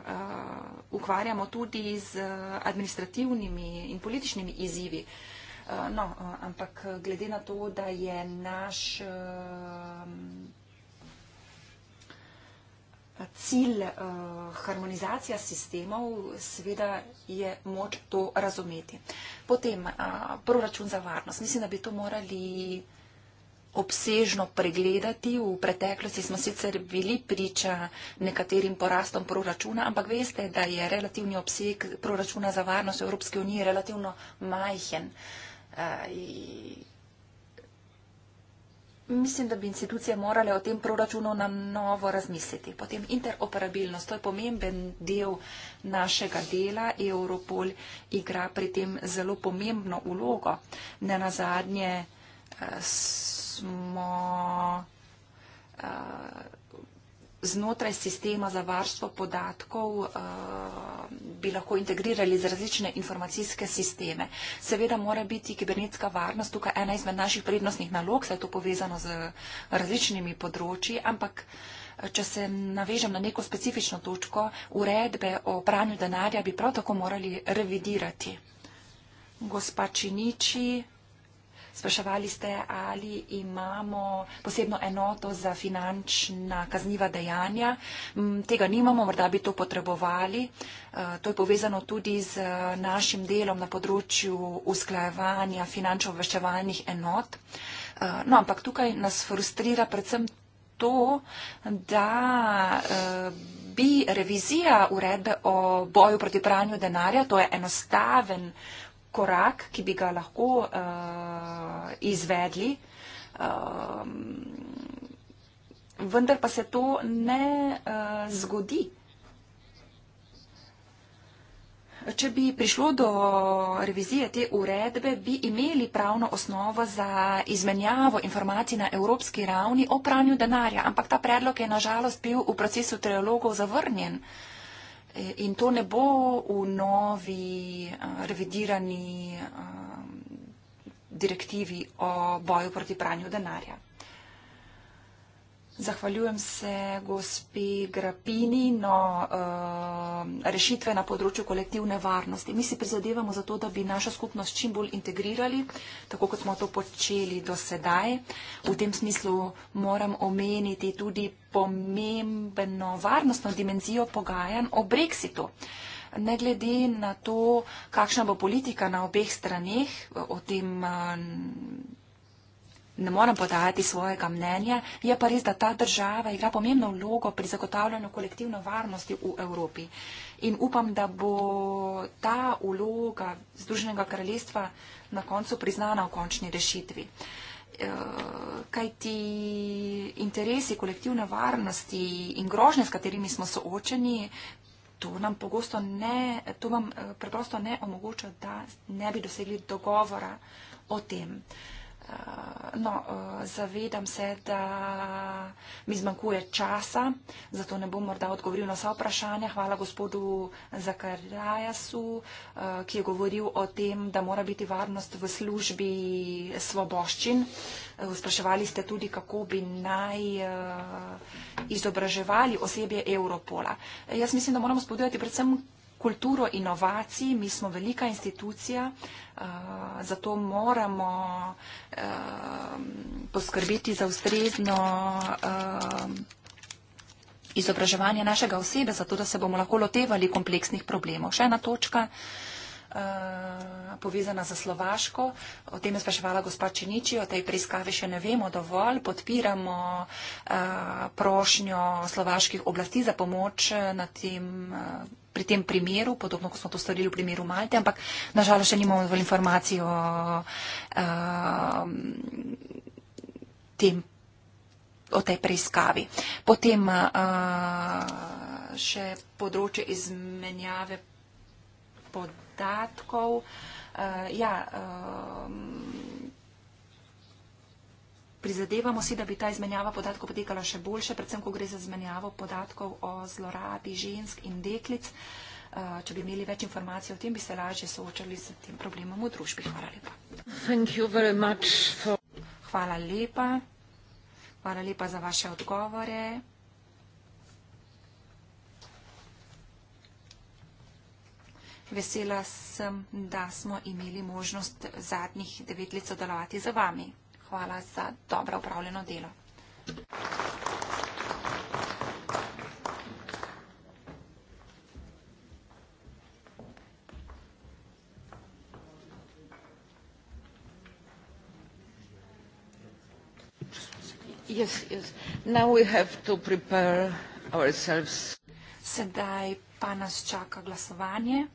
ukvarjamo tudi z administrativnimi in političnimi izzivi. Uh, Eh, no, eh, ampak eh, glede na to, da je naš cilj harmonizacija sistemov, seveda je moč to razumeti. Potem, proračun za varnost. Mislim, da bi to morali obsežno pregledati. V preteklosti smo sicer bili priča nekaterim porastom proračuna, ampak veste, da je relativni obseg proračuna za varnost v Evropske unije relativno majhen. Uh, I... Mislim, da bi institucije morale o tem proračunu na novo razmisliti. Potem interoperabilnost, to je pomemben del našega dela. Europol igra pri tem zelo pomembno ulogo. Ne na zadnje smo. Uh, znotraj sistema za varstvo podatkov uh, bi lahko integrirali z različne informacijske sisteme. Seveda mora biti kibernetska varnost tukaj ena izmed naših prednostnih nalog, saj je to povezano z različnimi področji, ampak eh, če se navežem na neko specifično točko, uredbe o pranju denarja bi prav tako morali revidirati. Gospa Činiči. Spraševali ste, ali imamo posebno enoto za finančna kazniva dejanja. Mm, tega nimamo, morda bi to potrebovali. Eh, to je povezano tudi z eh, našim delom na področju usklajevanja finančno-obveščevalnih enot. Eh, no, ampak tukaj nas frustrira predvsem to, da bi revizija uredbe o boju proti pranju denarja, to je enostaven korak, ki bi ga lahko uh, izvedli. Um, vendar pa se to ne uh, zgodi. Če bi prišlo do revizije te uredbe, bi imeli pravno osnovo za izmenjavo informacij na evropski ravni o pranju denarja, ampak ta predlog je nažalost bil v procesu trialogov zavrnjen. Uh, In to ne bo v novi eh, revidirani eh, direktivi o boju proti pranju denarja. Zahvaljujem se gospi Grapini na no, uh, rešitve na področju kolektivne varnosti. Mi si prizadevamo za to, da bi našo skupnost čim bolj integrirali, tako kot smo to počeli do sedaj. V tem smislu moram omeniti tudi pomembno varnostno dimenzijo pogajanj o Brexitu. Ne glede na to, kakšna bo politika na obeh straneh, eh, o tem. Uh, ne morem podati svojega mnenja. Je pa res, da ta država igra pomembno vlogo pri zagotavljanju kolektivne varnosti v Evropi. In upam, da bo ta vloga Združenega kraljestva na koncu priznana v končni rešitvi. Eh, Kaj ti interesi kolektivne varnosti in grožnje, s katerimi smo soočeni, to nam pogosto ne, to vam eh, preprosto ne omogoča, da ne bi dosegli dogovora o tem. Eh, no, eh, zavedam se, da mi zmanjkuje časa, zato ne bom morda odgovoril na vsa vprašanja. Hvala gospodu Zakarajasu, eh, ki je govoril o tem, da mora biti varnost v službi svoboščin. Spraševali ste tudi, kako bi naj izobraževali osebje Europola. Jaz mislim, da moramo spodujati predvsem kulturo inovacij, mi smo velika institucija, eh, zato moramo eh, poskrbeti za ustrezno eh, izobraževanje našega osebe, zato da se bomo lahko lotevali kompleksnih problemov. Še ena točka povezana za Slovaško. O tem je spraševala gospa Čeniči, o tej preiskavi še ne vemo dovolj. Podpiramo prošnjo slovaških oblasti za pomoč na tem področju pri tem primeru, podobno kot smo to storili v primeru Malte, ampak nažalost še nimamo dovolj informacij o uh, tem, o tej preiskavi. Potem uh, še področje izmenjave podatkov. Uh, ja, uh, prizadevamo si, da bi ta izmenjava podatkov potekala še boljše, predvsem, ko gre za izmenjavo podatkov o zlorabi žensk in deklic. Eh, če bi imeli več informacij o tem, bi se lažje soočali s tem problemom v družbi. Hvala lepa. Hvala lepa. Hvala lepa za vaše odgovore. Vesela sem, da smo imeli možnost zadnjih devet let sodelovati za vami hvala za dobro upravljeno delo. Yes, yes. Now we have to prepare ourselves. Sedaj pa nas čaka glasovanje.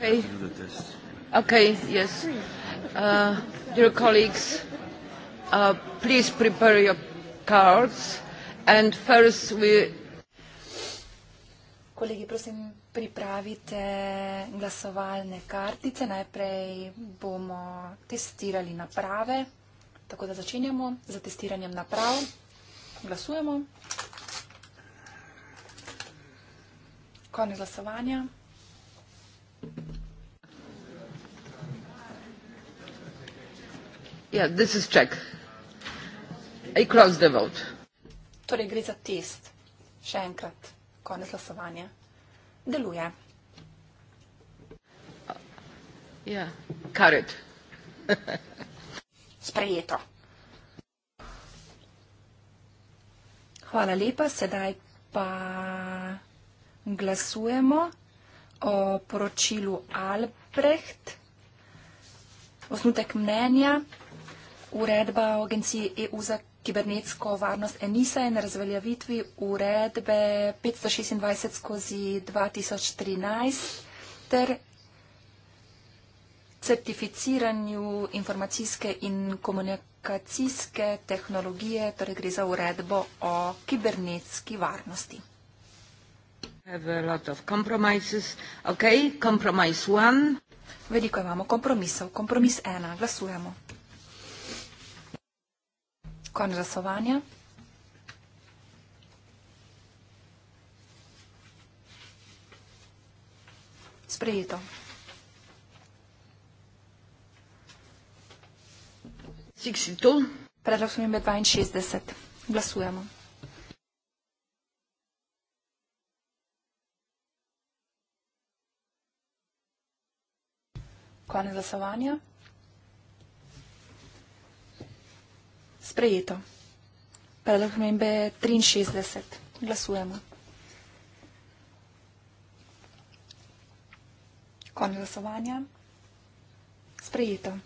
Okay. Okay. Yes. Uh, dear colleagues, uh, please prepare your cards. And first we. Kolegi, prosim, pripravite glasovalne kartice. Najprej bomo testirali naprave. Tako da začenjamo z testiranjem naprav. Glasujemo. Konec glasovanja. Torej gre za test. Še enkrat, konec glasovanja. Deluje. Ja, karet. Sprejeto. Hvala lepa, sedaj pa glasujemo o poročilu Albrecht, osnutek mnenja. Uredba o agenciji EU za kibernetsko varnost Enisa je na razveljavitvi uredbe 526 skozi 2013 ter certificiranju informacijske in komunikacijske tehnologije, torej gre za uredbo o kibernetski varnosti. Okay, Veliko imamo kompromisov. Kompromis ena. Glasujemo. Konec glasovanja. Sprejeto. Predlog smo imeli 62. Glasujemo. Konec glasovanja. Sprejeto. Predlog membe 63. Glasujemo. Konj glasovanja. Sprejeto.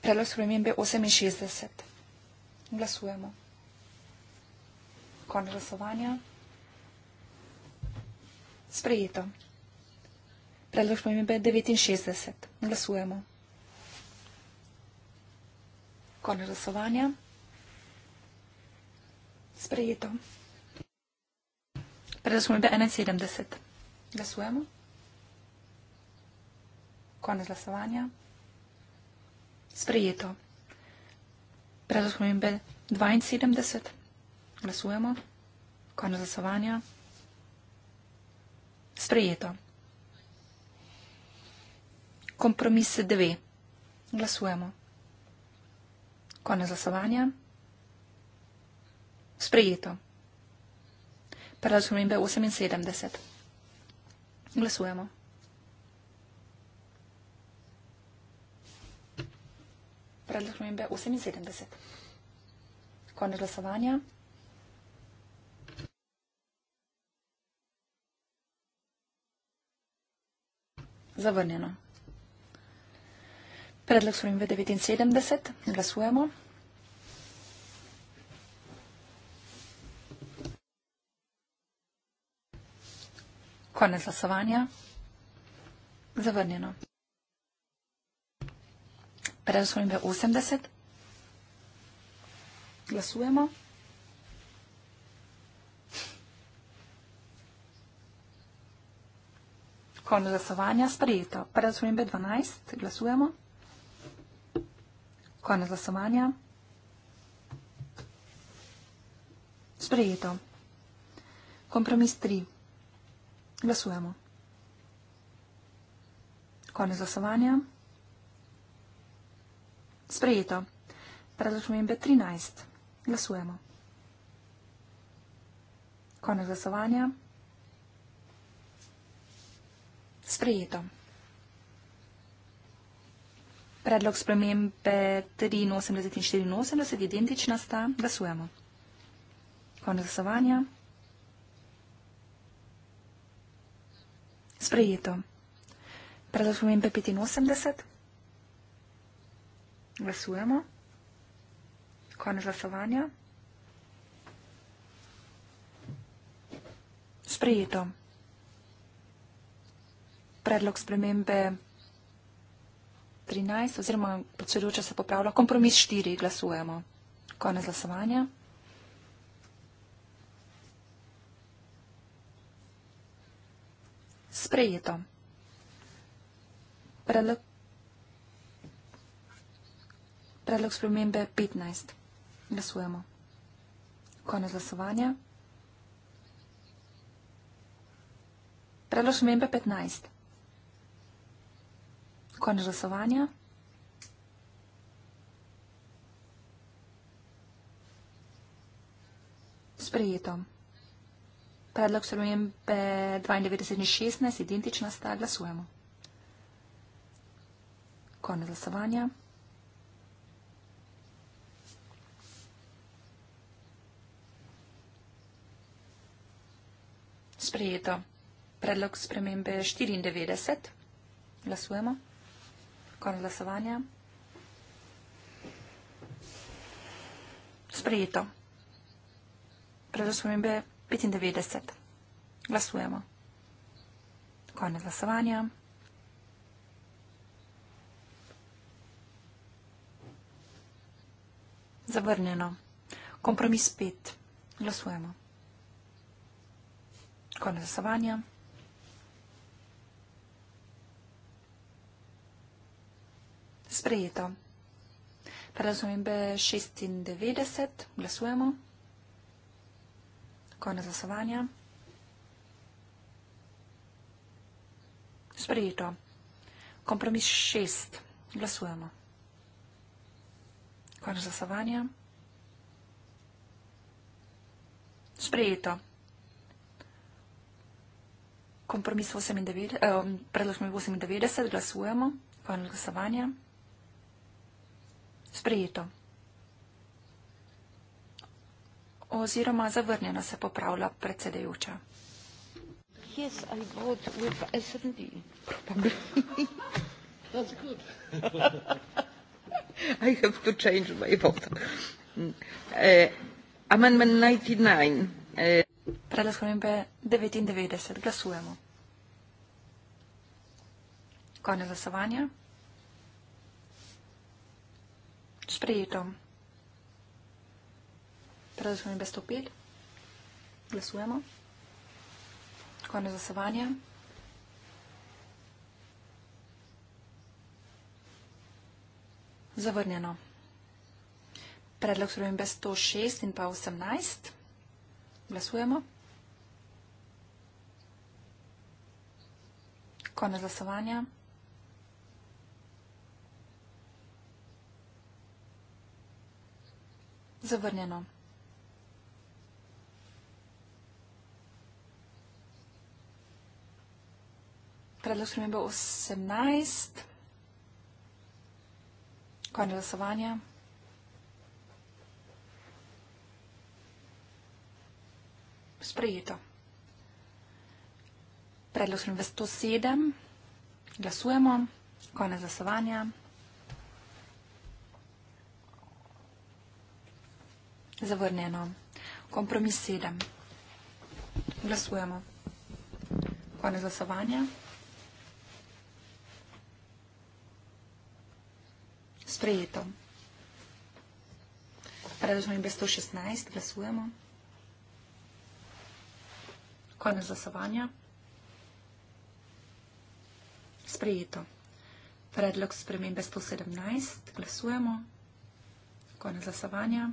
Predlog spremembe 68. Glasujemo. Konj glasovanja. Sprejeto. Predlog spremembe 69. Glasujemo. Konec glasovanja. Sprejeto. Predstavljamo B71. Glasujemo. Konec glasovanja. Sprejeto. Predstavljamo B72. Glasujemo. Konec glasovanja. Sprejeto. Kompromis 2. Glasujemo. Konec glasovanja. Sprejeto. Predlagam B78. Glasujemo. Predlagam B78. Konec glasovanja. Zavrnjeno. Predlog so jim v 79. Glasujemo. Konec glasovanja. Zavrnjeno. Predlog so jim v 80. Glasujemo. Konec glasovanja. Sprejeto. Predlog so jim v 12. Glasujemo. Konec glasovanja. Sprejeto. Kompromis 3. Glasujemo. Konec glasovanja. Sprejeto. Predlog šmembe 13. Glasujemo. Konec glasovanja. Sprejeto. Predlog spremembe 83 in 84 identična sta. Glasujemo. Konec glasovanja. Sprejeto. Predlog spremembe 85. Glasujemo. Konec glasovanja. Sprejeto. Predlog spremembe 13, oziroma predsedujoča se popravlja, kompromis 4 glasujemo. Konec glasovanja. Sprejeto. Predlog, predlog spremembe 15. Glasujemo. Konec glasovanja. Predlog spremembe 15. Konec glasovanja. Sprejeto. Predlog spremembe 92.16, identična sta, glasujemo. Konec glasovanja. Sprejeto. Predlog spremembe 94. Glasujemo. Konec glasovanja. Sprejeto. Predlosujem B 95. Glasujemo. Konec glasovanja. Zavrnjeno. Kompromis 5. Glasujemo. Konec glasovanja. sprejeto. Razumembe 96, glasujemo. Konec zasovanja. Sprejeto. Kompromis 6, glasujemo. Konec zasovanja. Sprejeto. Kompromis 98, predložme 98, glasujemo. Konec zasovanja. Sprejeto sprejeto. Oziroma zavrnjeno se popravlja predsedajoča. Yes, I vote with SND. Probably. That's good. I have to change my vote. Uh, amendment 99. Uh. 99. Glasujemo. Konec zasovanja. Sprejeto. Predvsem bi stopili. Glasujemo. Konec zasevanja. Zavrnjeno. Predlog sprejem bez 106 in pa 18. Glasujemo. Konec zasevanja. Glasujemo. Zavrnjeno. Predlog spremembe 18. Konec glasovanja. Sprejeto. Predlog spremembe 107. Glasujemo. Konec glasovanja. Zavrnjeno. Kompromis sedem. Glasujemo. Konec glasovanja. 116. Glasujemo. Konec glasovanja. Sprejeto. Predlog spremembe 117. Glasujemo. Konec glasovanja.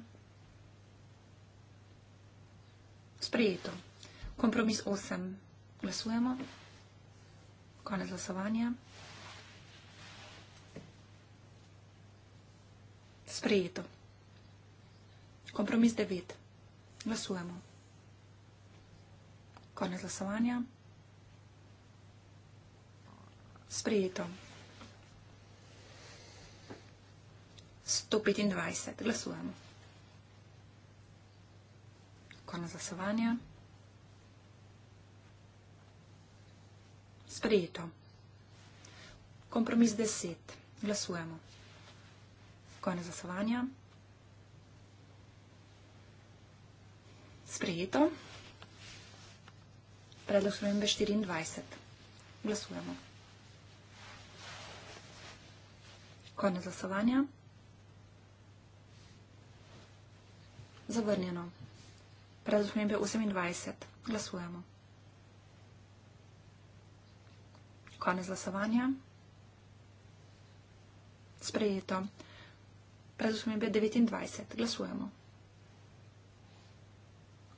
Sprejeto. Kompromis 8. Glasujemo. Konec glasovanja. Sprejeto. Kompromis 9. Glasujemo. Konec glasovanja. Sprejeto. 125. Glasujemo piko na zasovanje. Sprejeto. Kompromis 10. Glasujemo. Konec zasovanja. Sprejeto. Predlog spremembe 24. Glasujemo. Konec zasovanja. Zavrnjeno razumembe 28. Glasujemo. Konec glasovanja. Sprejeto. Razumembe 29. Glasujemo.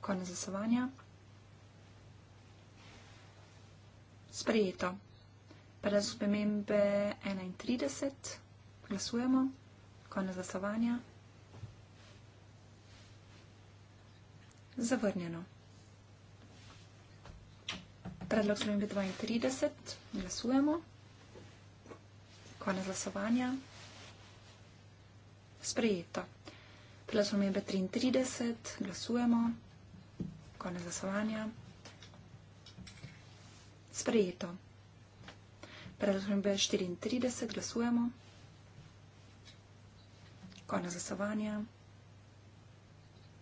Konec glasovanja. Sprejeto. Razumembe 31. Glasujemo. Konec glasovanja. Zavrnjeno. Predlog spremembe 32. Glasujemo. Konec glasovanja. Sprejeto. Predlog spremembe 33. Glasujemo. Konec glasovanja. Sprejeto. Predlog spremembe 34. Glasujemo. Konec glasovanja.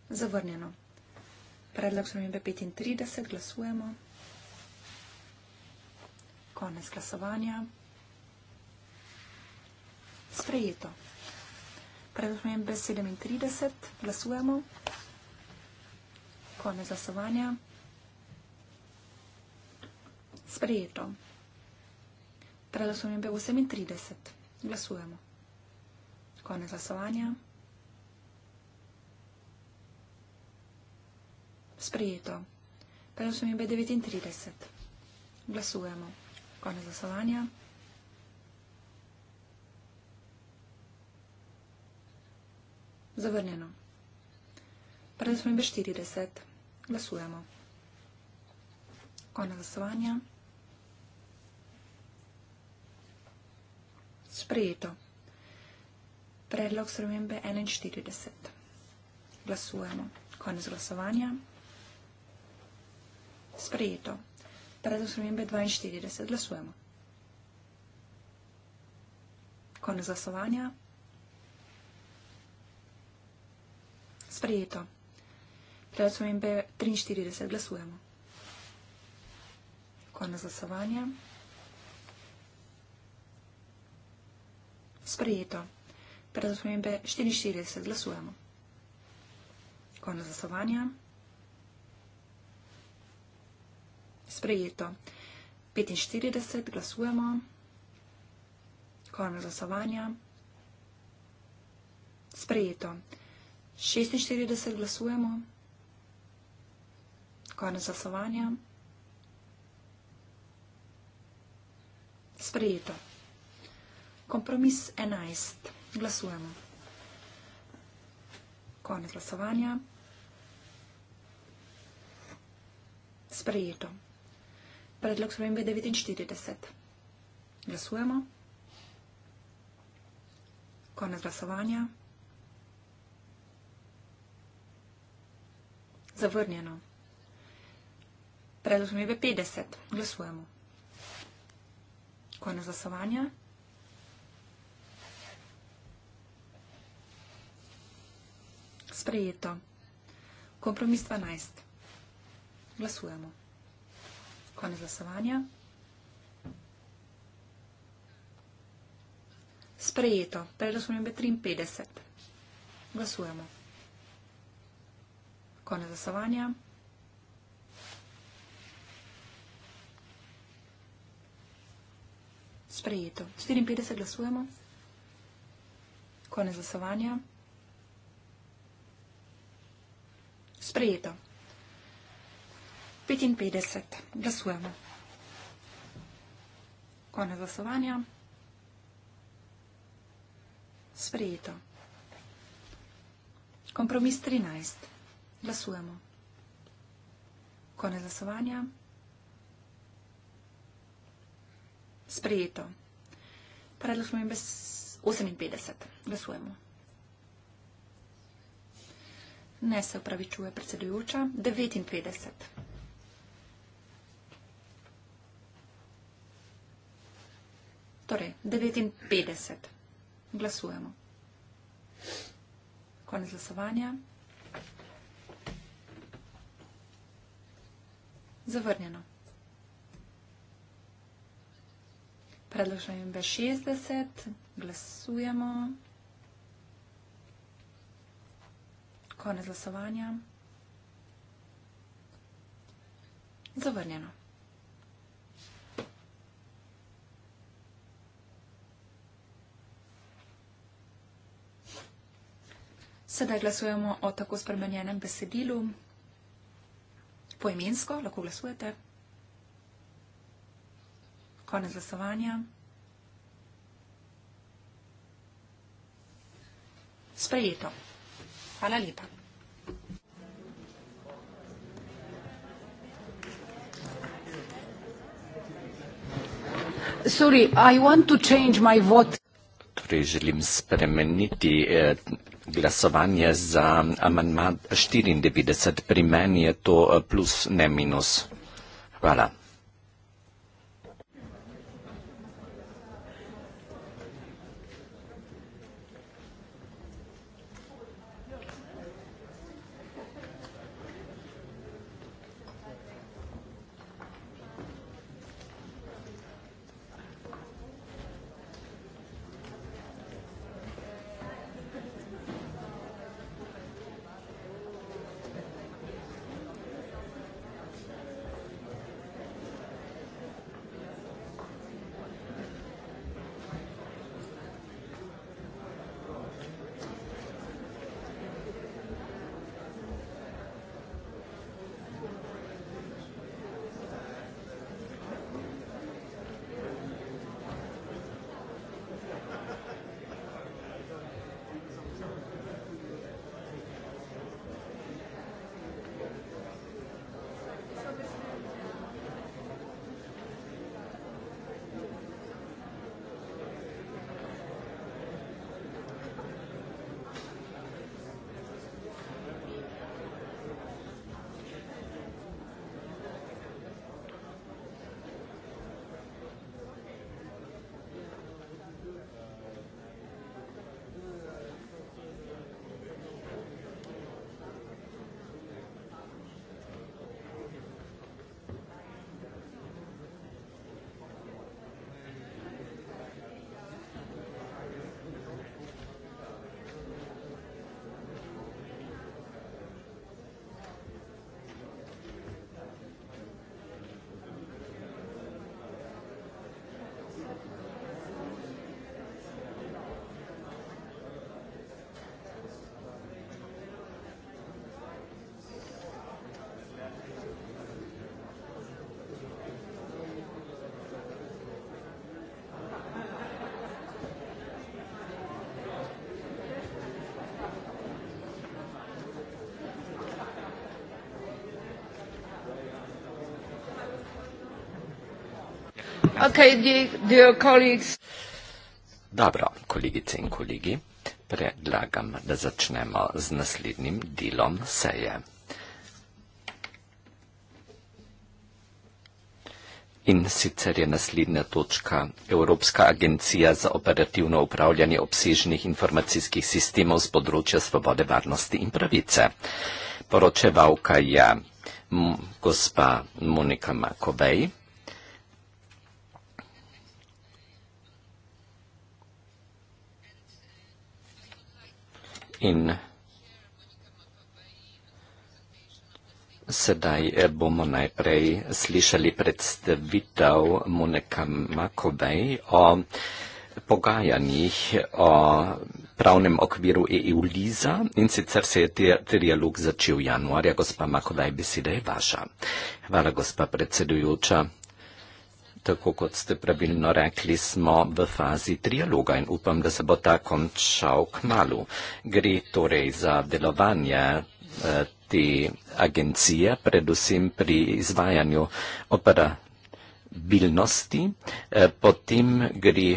Zavrnjeno. Predlog spremembe 35, glasujemo. Konec glasovanja. Sprejeto. Predlog spremembe 37, glasujemo. Konec glasovanja. Sprejeto. Predlog spremembe 38, glasujemo. Konec glasovanja. sprejeto. Prej so mi B39. Glasujemo. Konec zasovanja. Zavrnjeno. Prej so mi B40. Glasujemo. Konec zasovanja. Sprejeto. Predlog spremembe 41. Glasujemo. Konec glasovanja sprejeto. Predlog spremembe 42. Glasujemo. Konec glasovanja. Sprejeto. Predlog spremembe 43. Glasujemo. Konec glasovanja. Sprejeto. Predlog spremembe 44. Glasujemo. Konec glasovanja. sprejeto. 45 glasujemo. Konec glasovanja. Sprejeto. 46 glasujemo. Konec glasovanja. Sprejeto. Kompromis 11. Glasujemo. Konec glasovanja. Sprejeto. Predlog spremembe 49. Glasujemo. Konec glasovanja. Zavrnjeno. Predlog spremembe 50. Glasujemo. Konec glasovanja. Sprejeto. Kompromis 12. Glasujemo konec glasovanja. Sprejeto, predlog spremembe 53. Glasujemo. Konec glasovanja. Sprejeto. 54 glasujemo. Konec glasovanja. Sprejeto. 55. Glasujemo. Konec glasovanja. Sprejeto. Kompromis 13. Glasujemo. Konec glasovanja. Sprejeto. Predlog smo imeli 58. Glasujemo. Ne se upravičuje predsedujoča. 59. Glasujemo. Torej, 59. Glasujemo. Konec glasovanja. Zavrnjeno. Predložujem B60. Glasujemo. Konec glasovanja. Zavrnjeno. Sedaj glasujemo o tako spremenjenem besedilu. Poimensko lahko glasujete. Konec glasovanja. Sprejeto. Hvala lepa. Sorry, I want to change my vote najprej želim spremeniti eh, glasovanje za amanma 94. Pri meni je to eh, plus, ne minus. Hvala. Okay, dear, dear Dobro, kolegice in kolegi, predlagam, da začnemo z naslednjim delom seje. In sicer je naslednja točka Evropska agencija za operativno upravljanje obsežnih informacijskih sistemov z področja svobode, varnosti in pravice. Poročevalka je gospa Monika Makovej. in Sedaj eh, bomo najprej slišali predstavitev Moneka Makovej o pogajanjih o pravnem okviru EU Liza in sicer se je trialog začel januarja. Gospa Makovej, beseda je vaša. Hvala, gospa predsedujoča tako kot ste pravilno rekli, smo v fazi trialoga in upam, da se bo ta končal k malu. Gre torej za delovanje eh, te agencije, predvsem pri izvajanju operabilnosti, eh, potem gre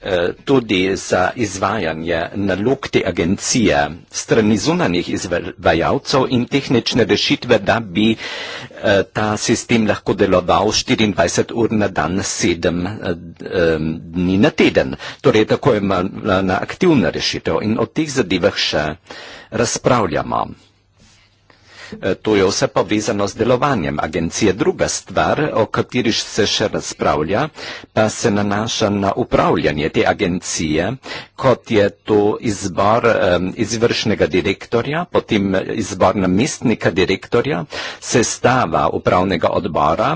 Eh, tudi za izvajanje nalog te agencije strani zunanjih izvajalcev in tehnične rešitve, da bi eh, ta sistem lahko deloval 24 ur na dan, 7 eh, dni na teden. Torej, tako je na aktivna rešitev in o teh zadevah še razpravljamo. Eh, to je vse povezano z delovanjem agencije. Druga stvar, o kateri se še razpravlja, pa se nanaša na upravljanje te agencije, kot je to izbor um, izvršnega direktorja, potem izbor namestnika direktorja, sestava upravnega odbora,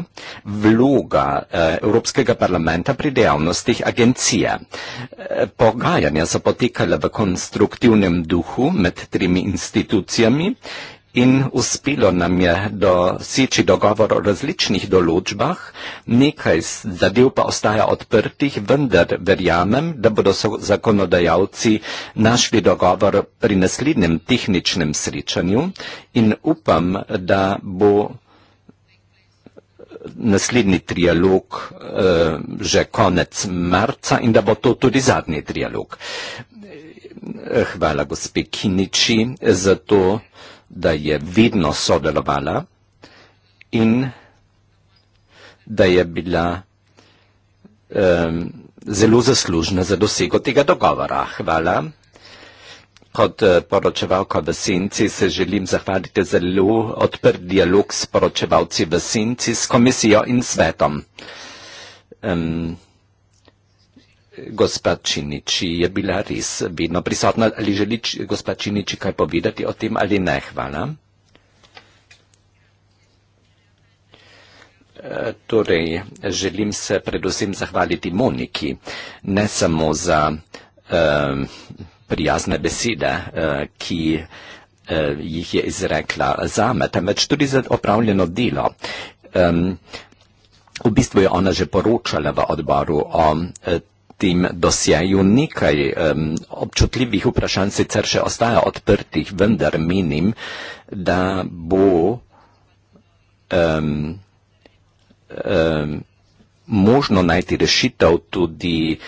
vloga uh, Evropskega parlamenta pri dejavnostih agencije. Eh, pogajanja so potekala v konstruktivnem duhu med trimi institucijami. In uspelo nam je doseči dogovor o različnih določbah, nekaj zadev pa ostaja odprtih, vendar verjamem, da bodo zakonodajalci našli dogovor pri naslednjem tehničnem srečanju in upam, da bo eh, naslednji trialog eh, že konec marca in da bo to tudi zadnji trialog. Eh, hvala gospe Kiniči za to da je vidno sodelovala in da je bila um, zelo zaslužna za dosego tega dogovora. Hvala. Kot eh, poročevalka v Senci se želim zahvaliti za zelo odprt dialog s poročevalci v Senci, s komisijo in svetom. Um, gospa Činiči je bila res vedno prisotna. Ali želi gospa Činiči kaj povedati o tem ali ne? Hvala. E, torej, želim se predvsem zahvaliti Moniki, ne samo za eh, prijazne besede, eh, ki eh, jih je izrekla zame, temveč tudi za opravljeno delo. Eh, v bistvu je ona že poročala v odboru o eh, tem dosjeju nekaj um, občutljivih vprašanj sicer še ostaja odprtih, vendar menim, da bo um, um, možno najti rešitev tudi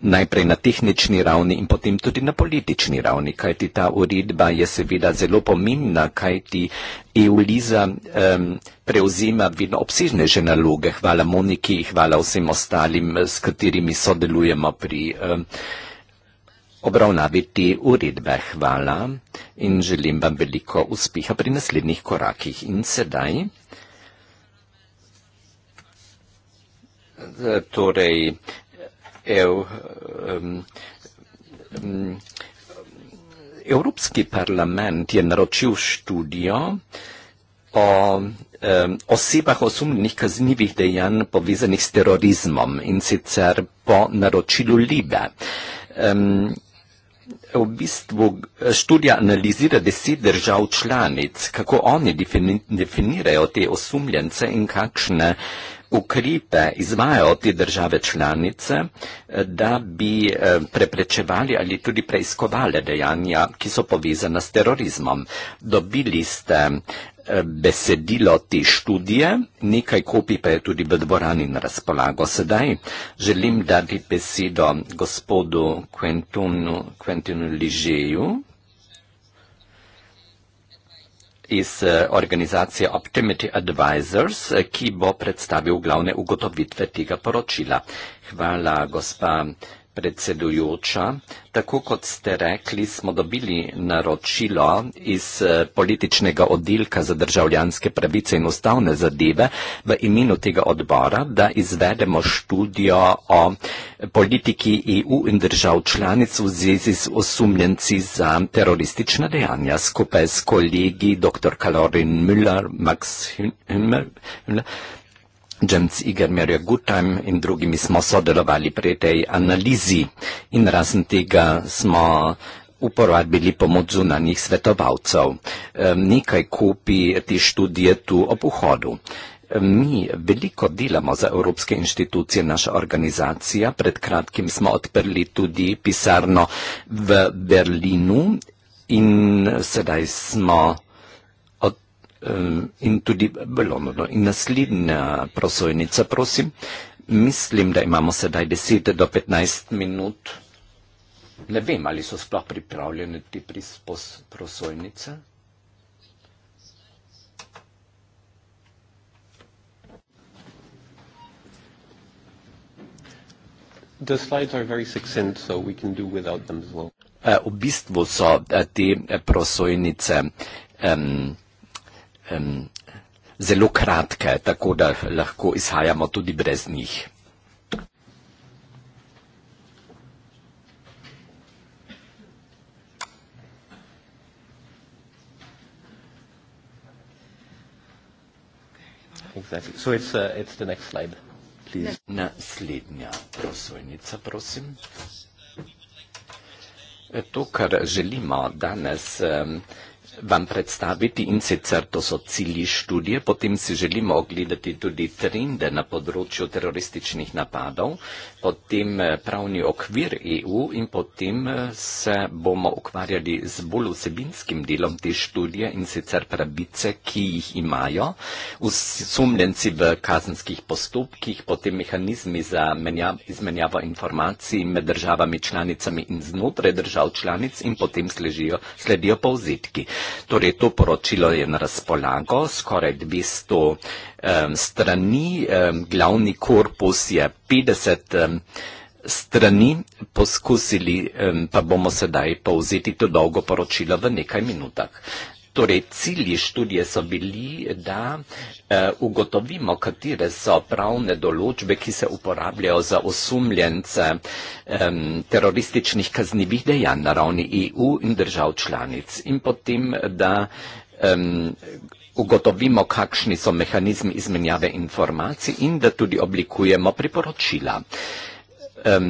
najprej na tehnični ravni in potem tudi na politični ravni, kajti ta uredba je seveda zelo pomembna, kajti EU-liza um, prevzema vedno obsežnejše naloge. Hvala Moniki, hvala vsem ostalim, s katerimi sodelujemo pri eh, obravnavi te uredbe. Hvala in želim vam veliko uspeha pri naslednjih korakih. In sedaj, eh, torej, Evropski parlament je naročil študijo, po um, osebah osumljenih kaznjivih dejanj povezanih s terorizmom in sicer po naročilu Libe. Um, v bistvu študija analizira deset držav članic, kako oni defini definirajo te osumljence in kakšne uh, ukrepe izvajajo te države članice, eh, da bi eh, preprečevali ali tudi preiskovali dejanja, ki so povezana s terorizmom. Dobili ste eh, besedilo te študije, nekaj kopij pa je tudi v dvorani na razpolago sedaj. Želim dati besedo gospodu Quentinu Ligeju iz eh, organizacije Optimity Advisors, eh, ki bo predstavil glavne ugotovitve tega poročila. Hvala, gospa predsedujoča. Tako kot ste rekli, smo dobili naročilo iz eh, političnega oddelka za državljanske pravice in ustavne zadeve v imenu tega odbora, da izvedemo študijo o politiki EU in držav članic v zvezi z osumljenci za teroristična dejanja skupaj s kolegi dr. Kalorin Müller, Max Himmel. Hün James Igermerja Gutheim in drugimi smo sodelovali pri tej analizi in razen tega smo uporabili pomoč zunanjih svetovalcev. Nekaj kupi te študije tu ob vhodu. Mi veliko delamo za evropske inštitucije, naša organizacija. Pred kratkim smo odprli tudi pisarno v Berlinu in sedaj smo in tudi v Londonu. No, in naslednja prosojnica, prosim. Mislim, da imamo sedaj 10 do 15 minut. Ne vem, ali so sploh pripravljene te prosojnice. Uh, v bistvu so uh, te eh, prosojnice um, um, zelo kratke, tako da lahko izhajamo tudi brez njih. Exactly. So it's, uh, it's the next slide, please. Naslednja prosojnica, prosim. To, kar želimo danes. Um, vam predstaviti in sicer to so cilji študije, potem si želimo ogledati tudi trende na področju terorističnih napadov, potem eh, pravni okvir EU in potem eh, se bomo ukvarjali z bolj vsebinskim delom te študije in sicer pravice, ki jih imajo usumljenci v kazenskih postopkih, potem mehanizmi za izmenjavo informacij med državami članicami in znotraj držav članic in potem sledijo, sledijo povzetki. Torej, to poročilo je na razpolago, skoraj 200 um, strani, um, glavni korpus je 50 um, strani, poskusili um, pa bomo sedaj povzeti to dolgo poročilo v nekaj minutah. Torej, cilji študije so bili, da eh, ugotovimo, katere so pravne določbe, ki se uporabljajo za osumljence eh, terorističnih kaznjivih dejanj na ravni EU in držav članic. In potem, da eh, ugotovimo, kakšni so mehanizmi izmenjave informacij in da tudi oblikujemo priporočila. Eh,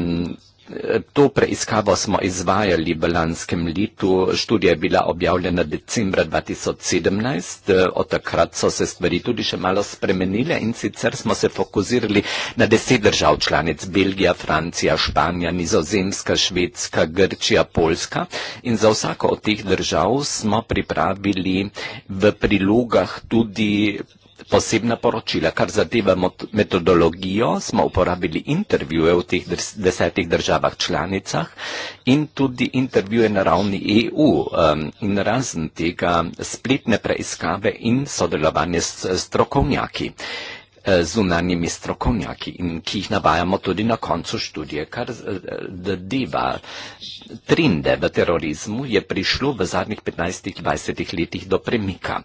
To preiskavo smo izvajali v lanskem letu, študija je bila objavljena decembra 2017, od takrat so se stvari tudi še malo spremenile in sicer smo se fokusirali na deset držav članic Belgija, Francija, Španija, Nizozemska, Švedska, Grčija, Poljska in za vsako od teh držav smo pripravili v prilogah tudi posebna poročila, kar zadeva metodologijo, smo uporabili intervjuje v teh desetih državah članicah in tudi intervjuje na ravni EU. Um, in razen tega spletne preiskave in sodelovanje s strokovnjaki. Eh, zunanimi strokovnjaki in ki jih navajamo tudi na koncu študije, kar eh, deva trende v terorizmu je prišlo v zadnjih 15-20 letih do premika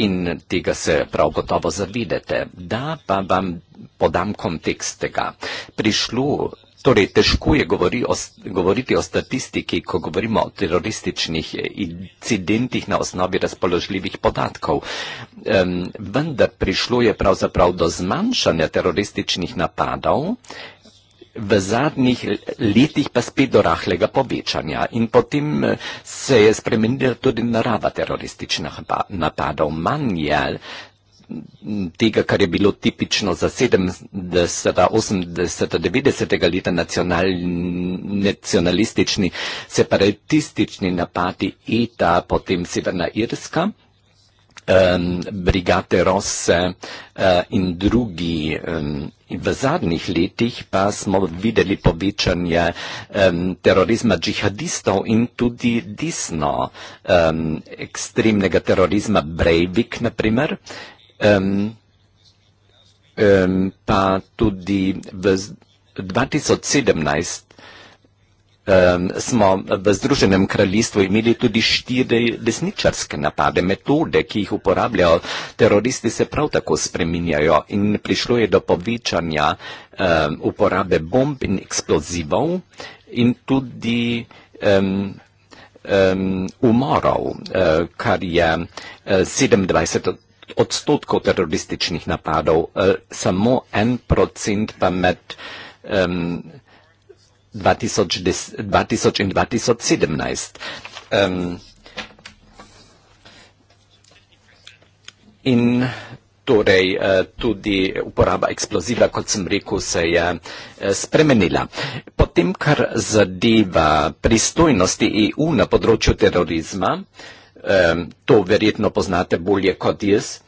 in tega se prav gotovo zavidete. Da pa vam podam kontekst tega. Prišlo Torej, težko je govori o, govoriti o statistiki, ko govorimo o terorističnih eh, incidentih na osnovi razpoložljivih podatkov. Um, vendar prišlo je pravzaprav do zmanjšanja terorističnih napadov, v zadnjih letih pa spet do rahlega povečanja. In potem eh, se je spremenila tudi narava terorističnih napadov. Manj je tega, kar je bilo tipično za 70, 80, 90 leta nacional, nacionalistični, separatistični napadi in ta potem Severna Irska. Um, brigate Rose uh, in drugi. Um, in v zadnjih letih pa smo videli povečanje um, terorizma džihadistov in tudi desno um, ekstremnega terorizma Breivik, naprimer. Ehm, ehm, pa tudi v 2017 ehm, smo v Združenem kraljestvu imeli tudi štiri desničarske napade. Metode, ki jih uporabljajo teroristi, se prav tako spreminjajo in prišlo je do povečanja um, uporabe bomb in eksplozivov in tudi um, um, umorov, uh, kar je uh, 27 odstotkov odstotkov terorističnih napadov, eh, samo en procent pa med 2000 in 2017. In torej eh, tudi uporaba eksploziva, kot sem rekel, se je eh, spremenila. Potem, kar zadeva pristojnosti EU na področju terorizma, to verjetno poznate bolje kot jaz.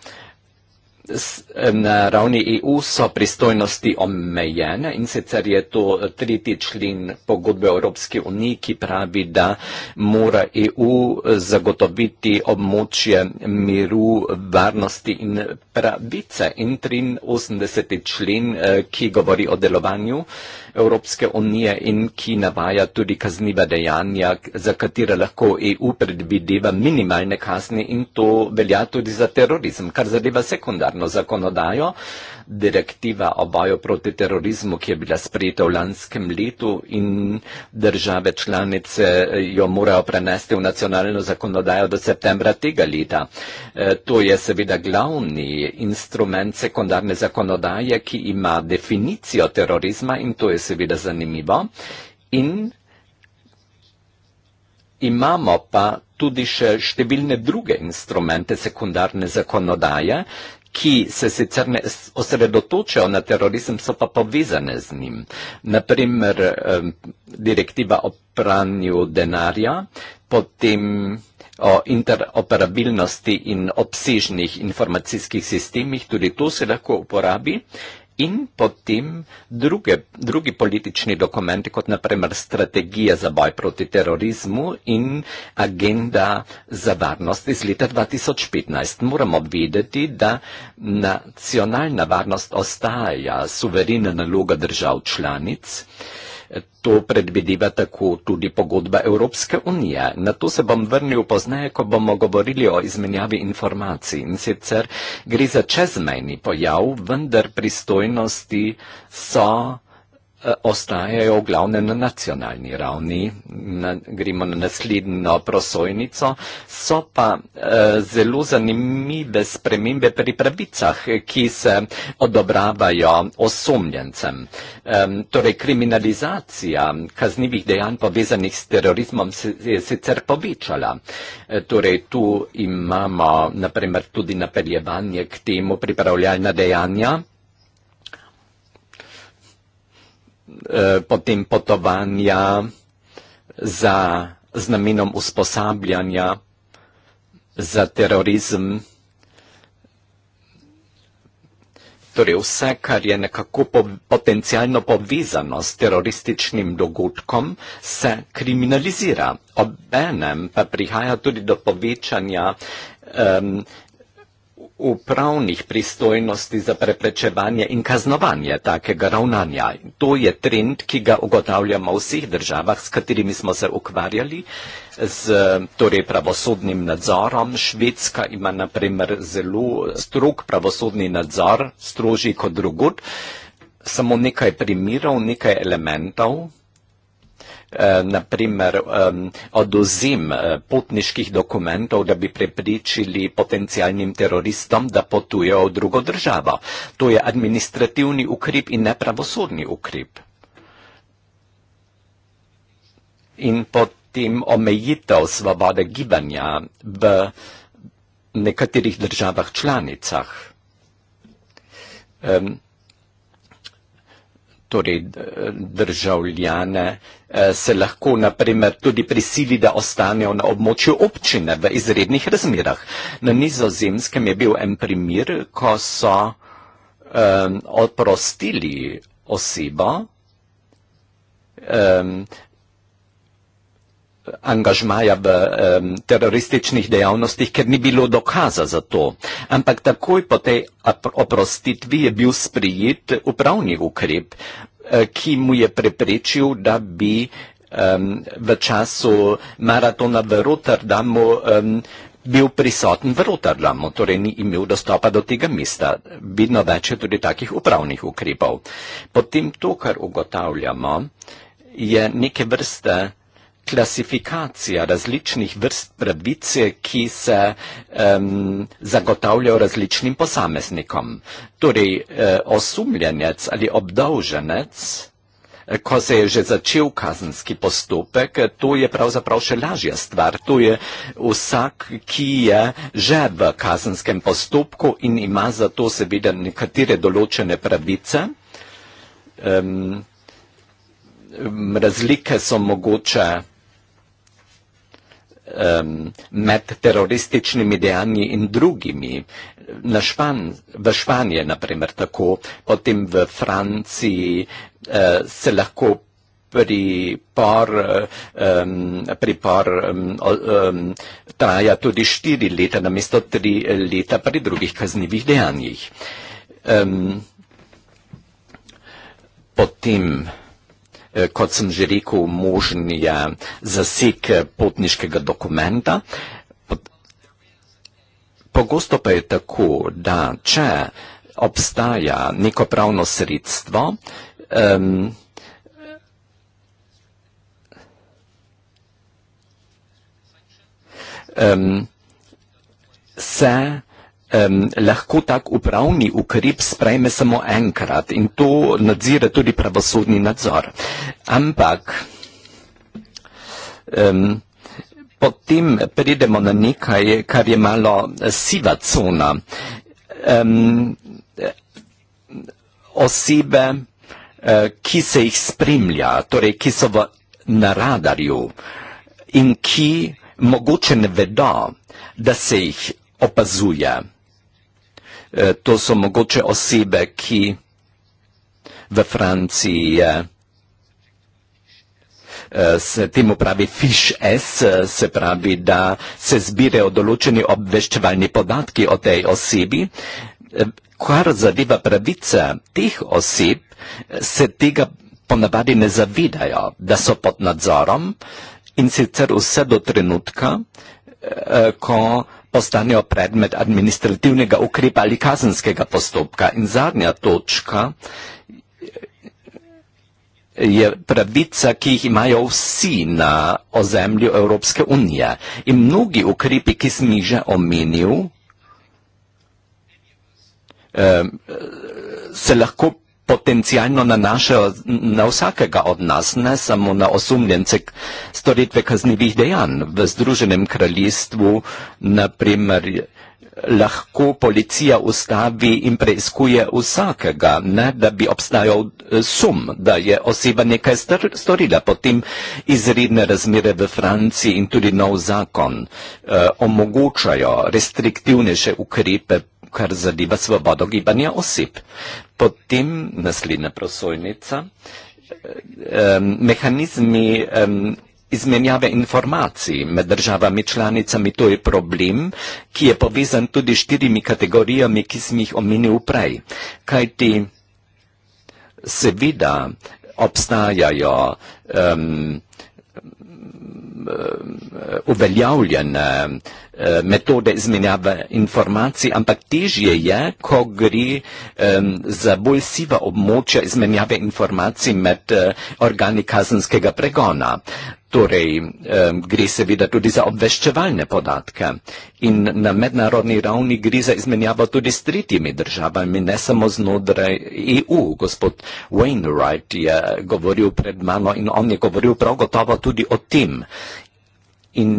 Na ravni EU so pristojnosti omejene in sicer je to tretji člen pogodbe Evropske unije, ki pravi, da mora EU zagotoviti območje miru, varnosti in pravice. In 83. člen, eh, ki govori o delovanju Evropske unije in ki navaja tudi kazniva dejanja, za katera lahko EU predvideva minimalne kazni in to velja tudi za terorizem. Kar zadeva sekundarno zakonodajo, direktiva o boju proti terorizmu, ki je bila sprejeta v lanskem letu in države članice eh, jo morajo prenesti v nacionalno zakonodajo do septembra tega leta. Eh, to je seveda glavni instrument sekundarne zakonodaje, ki ima definicijo terorizma in to je seveda zanimivo. In imamo pa tudi še številne druge instrumente sekundarne zakonodaje, ki se sicer ne osredotočajo na terorizem, so pa povezane z njim. Naprimer, direktiva o pranju denarja, potem o interoperabilnosti in obsežnih informacijskih sistemih, tudi to se lahko uporabi in potem druge, drugi politični dokumenti, kot naprimer strategija za boj proti terorizmu in agenda za varnost iz leta 2015. Moramo vedeti, da nacionalna varnost ostaja suverena naloga držav članic. To predvideva tako tudi pogodba Evropske unije. Na to se bom vrnil pozneje, ko bomo govorili o izmenjavi informacij. In sicer gre za čezmejni pojav, vendar pristojnosti so. Eh, ostajajo v glavnem na nacionalni ravni, na, gremo na naslednjo prosojnico, so pa e, zelo zanimive spremembe pri pravicah, ki se odobravajo osumljencem. E, torej, kriminalizacija kaznjivih dejanj povezanih s terorizmom se je sicer povečala. E, torej, tu imamo naprimer tudi napeljevanje k temu pripravljalna dejanja. Eh, potem potovanja za, z namenom usposabljanja za terorizem. Torej vse, kar je nekako po, potencijalno povezano s terorističnim dogodkom, se kriminalizira. Obenem pa prihaja tudi do povečanja um, upravnih pristojnosti za preprečevanje in kaznovanje takega ravnanja. To je trend, ki ga ugotavljamo v vseh državah, s katerimi smo se ukvarjali, z torej, pravosodnim nadzorom. Švedska ima naprimer zelo strog pravosodni nadzor, strožji kot drugod. Samo nekaj primerov, nekaj elementov. Eh, na primer oduzim eh, potniških dokumentov, da bi prepričili potencijalnim teroristom, da potujo v drugo državo. To je administrativni ukrep in ne pravosodni ukrep. In potem omejitev svobode gibanja v nekaterih državah članicah. Um, torej državljane, eh, se lahko naprimer tudi prisili, da ostanejo na območju občine v izrednih razmerah. Na nizozemskem je bil en primer, ko so um, oprostili osebo, um, angažmaja v um, terorističnih dejavnostih, ker ni bilo dokaza za to. Ampak takoj po tej oprostitvi je bil sprijet upravni ukrep, eh, ki mu je preprečil, da bi um, v času maratona v Rotterdamu um, bil prisoten v Rotterdamu, torej ni imel dostopa do tega mesta. Vidno več je tudi takih upravnih ukrepov. Potem to, kar ugotavljamo, je neke vrste klasifikacija različnih vrst pravic, ki se um, zagotavljajo različnim posameznikom. Torej, uh, osumljenec ali obdolženec, e, ko se je že začel kazenski postopek, to je pravzaprav še lažja stvar. To je vsak, ki je že v kazenskem postopku in ima zato seveda nekatere določene pravice. Um, Razlike so mogoče um, med terorističnimi dejanji in drugimi. Na Špan, v Španiji, na primer, tako, potem v Franciji uh, se lahko pripor, um, pripor um, um, traja tudi štiri leta, namesto tri leta pri drugih kaznjivih dejanjih. Um, potem. Eh, kot sem že rekel, možen je zasek eh, potniškega dokumenta. Pogosto pa je tako, da če obstaja neko pravno sredstvo, um, um, se um, lahko tak upravni ukrep sprejme samo enkrat in to nadzira tudi pravosodni nadzor. Ampak um, potem pridemo na nekaj, kar je malo siva cona. Um, osebe, e, ki se jih spremlja, torej ki so v, na radarju in ki mogoče ne vedo, da se jih opazuje. Eh, to so mogoče osebe, ki v Franciji eh, eh, se temu pravi FISH S, se pravi, da se zbirajo določeni obveščevalni podatki o tej osebi. Kar zadeva pravice teh oseb, se tega ponavadi ne zavedajo, da so pod nadzorom in sicer vse do trenutka, ko postanejo predmet administrativnega ukrepa ali kazenskega postopka. In zadnja točka je pravica, ki jih imajo vsi na ozemlju Evropske unije. In mnogi ukrepi, ki sem jih že omenil, eh, se lahko potencijalno na naše, na vsakega od nas, ne samo na osumljence storitve kaznivih dejanj. V Združenem kraljestvu, na primer, lahko policija ustavi in preizkuje vsakega, ne, da bi obstajal eh, sum, da je oseba nekaj star, storila. Potem izredne razmere v Franciji in tudi nov zakon eh, omogočajo restriktivnejše ukrepe, kar zadeva svobodo gibanja oseb. Potem naslednja prosojnica. Eh, eh, mehanizmi eh, izmenjave informacij med državami članicami, to je problem, ki je povezan tudi štirimi kategorijami, ki sem jih omenil prej. Kaj ti seveda obstajajo uveljavljene eh, metode izmenjave informacij, ampak težje je, ko gre za bolj siva območja izmenjave informacij med eh, organi kazenskega pregona. Torej, gre seveda tudi za obveščevalne podatke in na mednarodni ravni gre za izmenjavo tudi s tretjimi državami, ne samo znotraj EU. Gospod Wainwright je govoril pred mano in on je govoril prav gotovo tudi o tem. In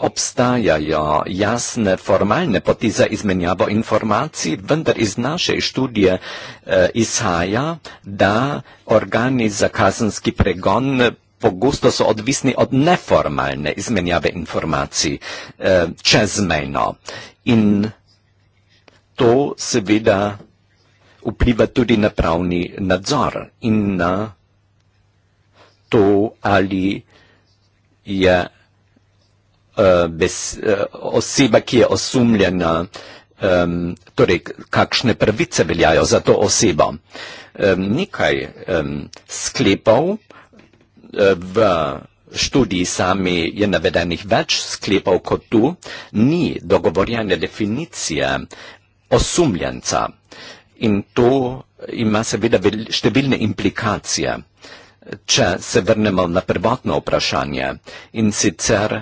obstajajo jasne formalne poti za izmenjavo informacij, vendar iz naše študije eh, izhaja, da organi za kazenski pregon pogosto so odvisni od neformalne izmenjave informacij eh, čezmejno. In to seveda vpliva tudi na pravni nadzor in na to, ali je Eh, bes, eh, oseba, ki je osumljena, um, torej kakšne prvice veljajo za to osebo. Um, nekaj um, sklepov eh, v študiji sami je navedenih več sklepov kot tu, ni dogovorjene definicije osumljenca in to ima seveda številne implikacije. Če se vrnemo na prvotno vprašanje in sicer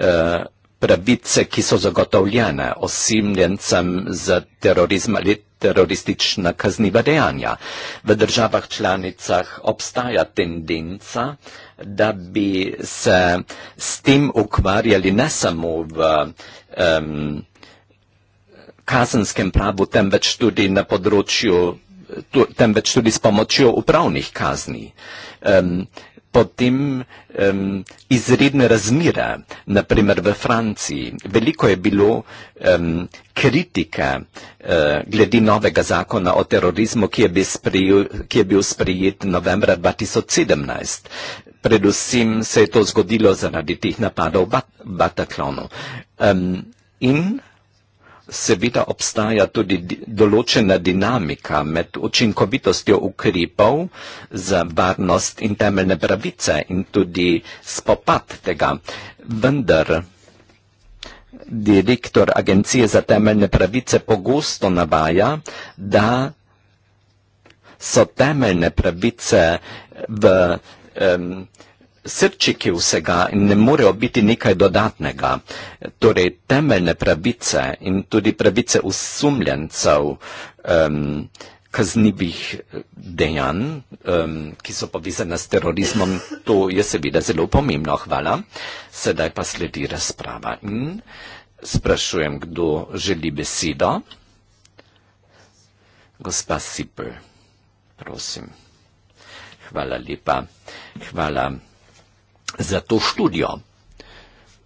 Eh, pravice, ki so zagotovljene osimljencem za terorizem ali teroristična kazniva dejanja. V državah članicah obstaja tendenca, da bi se s tem ukvarjali ne samo v um, kazenskem pravu, temveč tudi na področju, tu, temveč tudi s pomočjo upravnih kazni. Um, potem um, izredne razmere, naprimer v Franciji. Veliko je bilo um, kritike uh, glede novega zakona o terorizmu, ki je, sprejel, ki je bil sprejet novembra 2017. Predvsem se je to zgodilo zaradi teh napadov v Bataclanu. Um, in seveda obstaja tudi določena dinamika med učinkovitostjo ukrepov za varnost in temeljne pravice in tudi spopad tega. Vendar direktor Agencije za temeljne pravice pogosto navaja, da so temeljne pravice v temeljne pravice srčiki vsega ne morejo biti nekaj dodatnega. Torej, temeljne pravice in tudi pravice usumljencev um, kaznibih dejanj, um, ki so povezane s terorizmom, to je seveda zelo pomembno. Hvala. Sedaj pa sledi razprava. In sprašujem, kdo želi besedo. Gospa Sipr, prosim. Hvala lepa. Hvala za to študijo.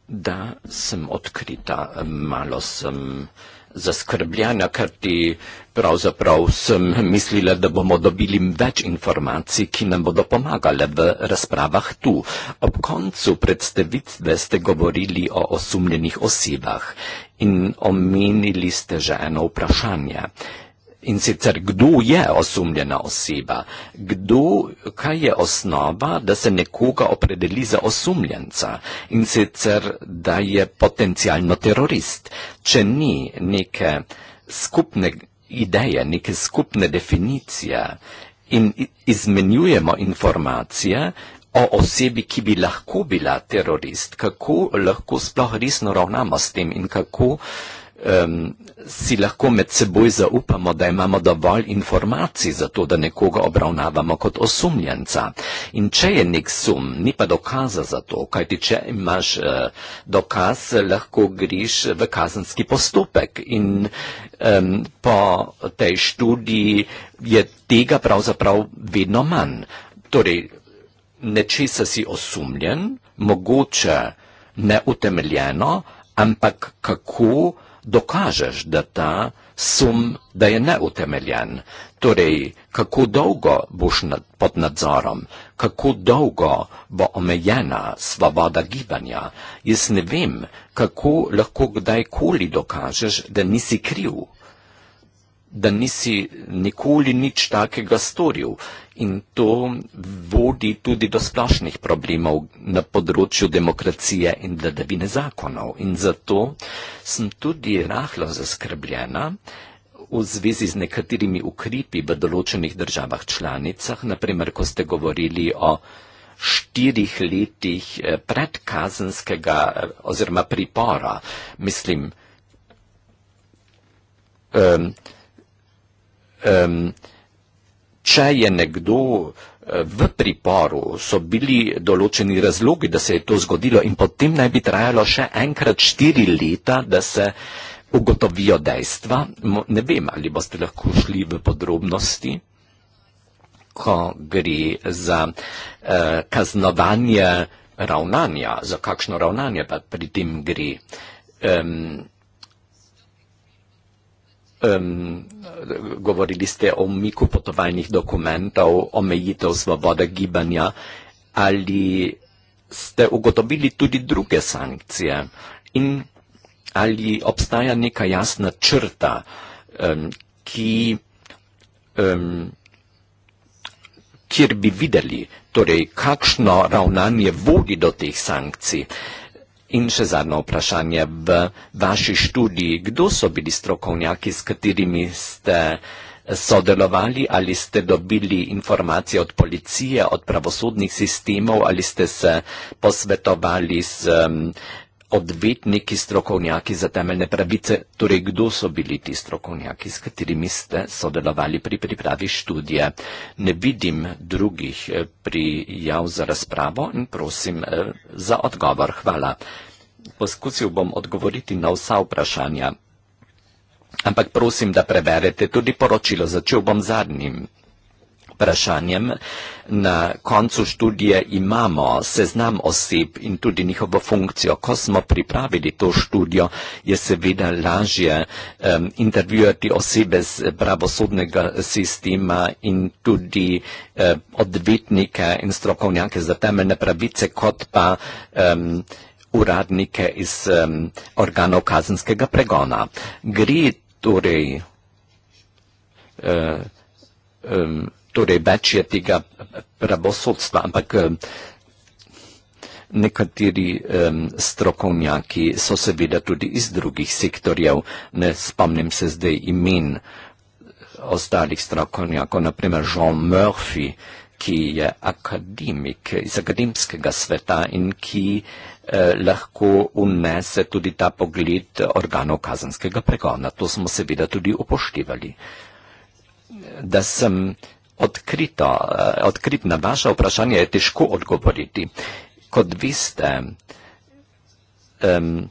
Da sem odkrita, malo sem zaskrbljena, ker ti pravzaprav sem mislila, da bomo dobili več informacij, ki nam bodo pomagale v razpravah tu. Ob koncu predstavitve ste govorili o osumljenih osebah in omenili ste že eno vprašanje. In sicer, kdo je osumljena oseba? Kdo, kaj je osnova, da se nekoga opredeli za osumljenca? In sicer, da je potencijalno terorist. Če ni neke skupne ideje, neke skupne definicije in izmenjujemo informacije o osebi, ki bi lahko bila terorist, kako lahko sploh resno ravnamo s tem in kako um, si lahko med seboj zaupamo, da imamo dovolj informacij za to, da nekoga obravnavamo kot osumljenca. In če je nek sum, ni pa dokaza za to, kajti če imaš uh, dokaz, lahko griš v kazenski postopek. In um, po tej študiji je tega pravzaprav vedno manj. Torej, nečesa si osumljen, mogoče neutemeljeno, ampak kako uh, dokažeš, da ta sum, da je neutemeljen. Torej, kako dolgo boš nad, pod nadzorom, kako dolgo bo omejena svoboda gibanja. Jaz ne vem, kako lahko kdajkoli dokažeš, da nisi kriv da nisi nikoli nič takega storil in to vodi tudi do splošnih problemov na področju demokracije in vladavine zakonov. In zato sem tudi rahlo zaskrbljena v zvezi z nekaterimi ukrepi v določenih državah članicah, naprimer, ko ste govorili o štirih letih eh, predkazanskega eh, oziroma pripora, mislim, um, um, če je nekdo eh, v priporu, so bili določeni razlogi, da se je to zgodilo in potem naj bi trajalo še enkrat štiri leta, da se ugotovijo dejstva. Ne vem, ali boste lahko šli v podrobnosti, ko gre za uh, kaznovanje ravnanja, za kakšno ravnanje pa pri tem gre. Um, um, govorili ste o umiku potovalnih dokumentov, omejitev svobode gibanja, ali ste ugotovili tudi druge sankcije in ali obstaja neka jasna črta, um, ki, um, kjer bi videli, torej, kakšno ravnanje vodi do teh sankcij. In še zadnje vprašanje. V vaši študiji, kdo so bili strokovnjaki, s katerimi ste sodelovali, ali ste dobili informacije od policije, od pravosodnih sistemov, ali ste se posvetovali s um, odbitniki, strokovnjaki za temeljne pravice, torej kdo so bili ti strokovnjaki, s katerimi ste sodelovali pri pripravi študije. Ne vidim drugih eh, prijav za razpravo in prosim eh, za odgovor. Hvala. Poskusil bom odgovoriti na vsa vprašanja. Ampak prosim, da preberete tudi poročilo. Začel bom zadnjim vprašanjem. Na koncu študije imamo seznam oseb in tudi njihovo funkcijo. Ko smo pripravili to študijo, je seveda lažje um, intervjuati osebe z pravosodnega sistema in tudi um, odvetnike in strokovnjake za temeljne pravice, kot pa um, uradnike iz um, organov kazenskega pregona. Gre torej uh, um, torej večjetega eh, pravosodstva, ampak eh, nekateri um, strokovnjaki so seveda tudi iz drugih sektorjev, ne spomnim se zdaj imen eh, ostalih strokovnjakov, naprimer Jean Murphy, ki je akademik iz akademskega sveta in ki eh, lahko unese tudi ta pogled organov kazanskega pregona. To smo seveda tudi upoštevali. Da sem odkrito, eh, odkrit na vaše vprašanje je težko odgovoriti. Kot vi ste, um,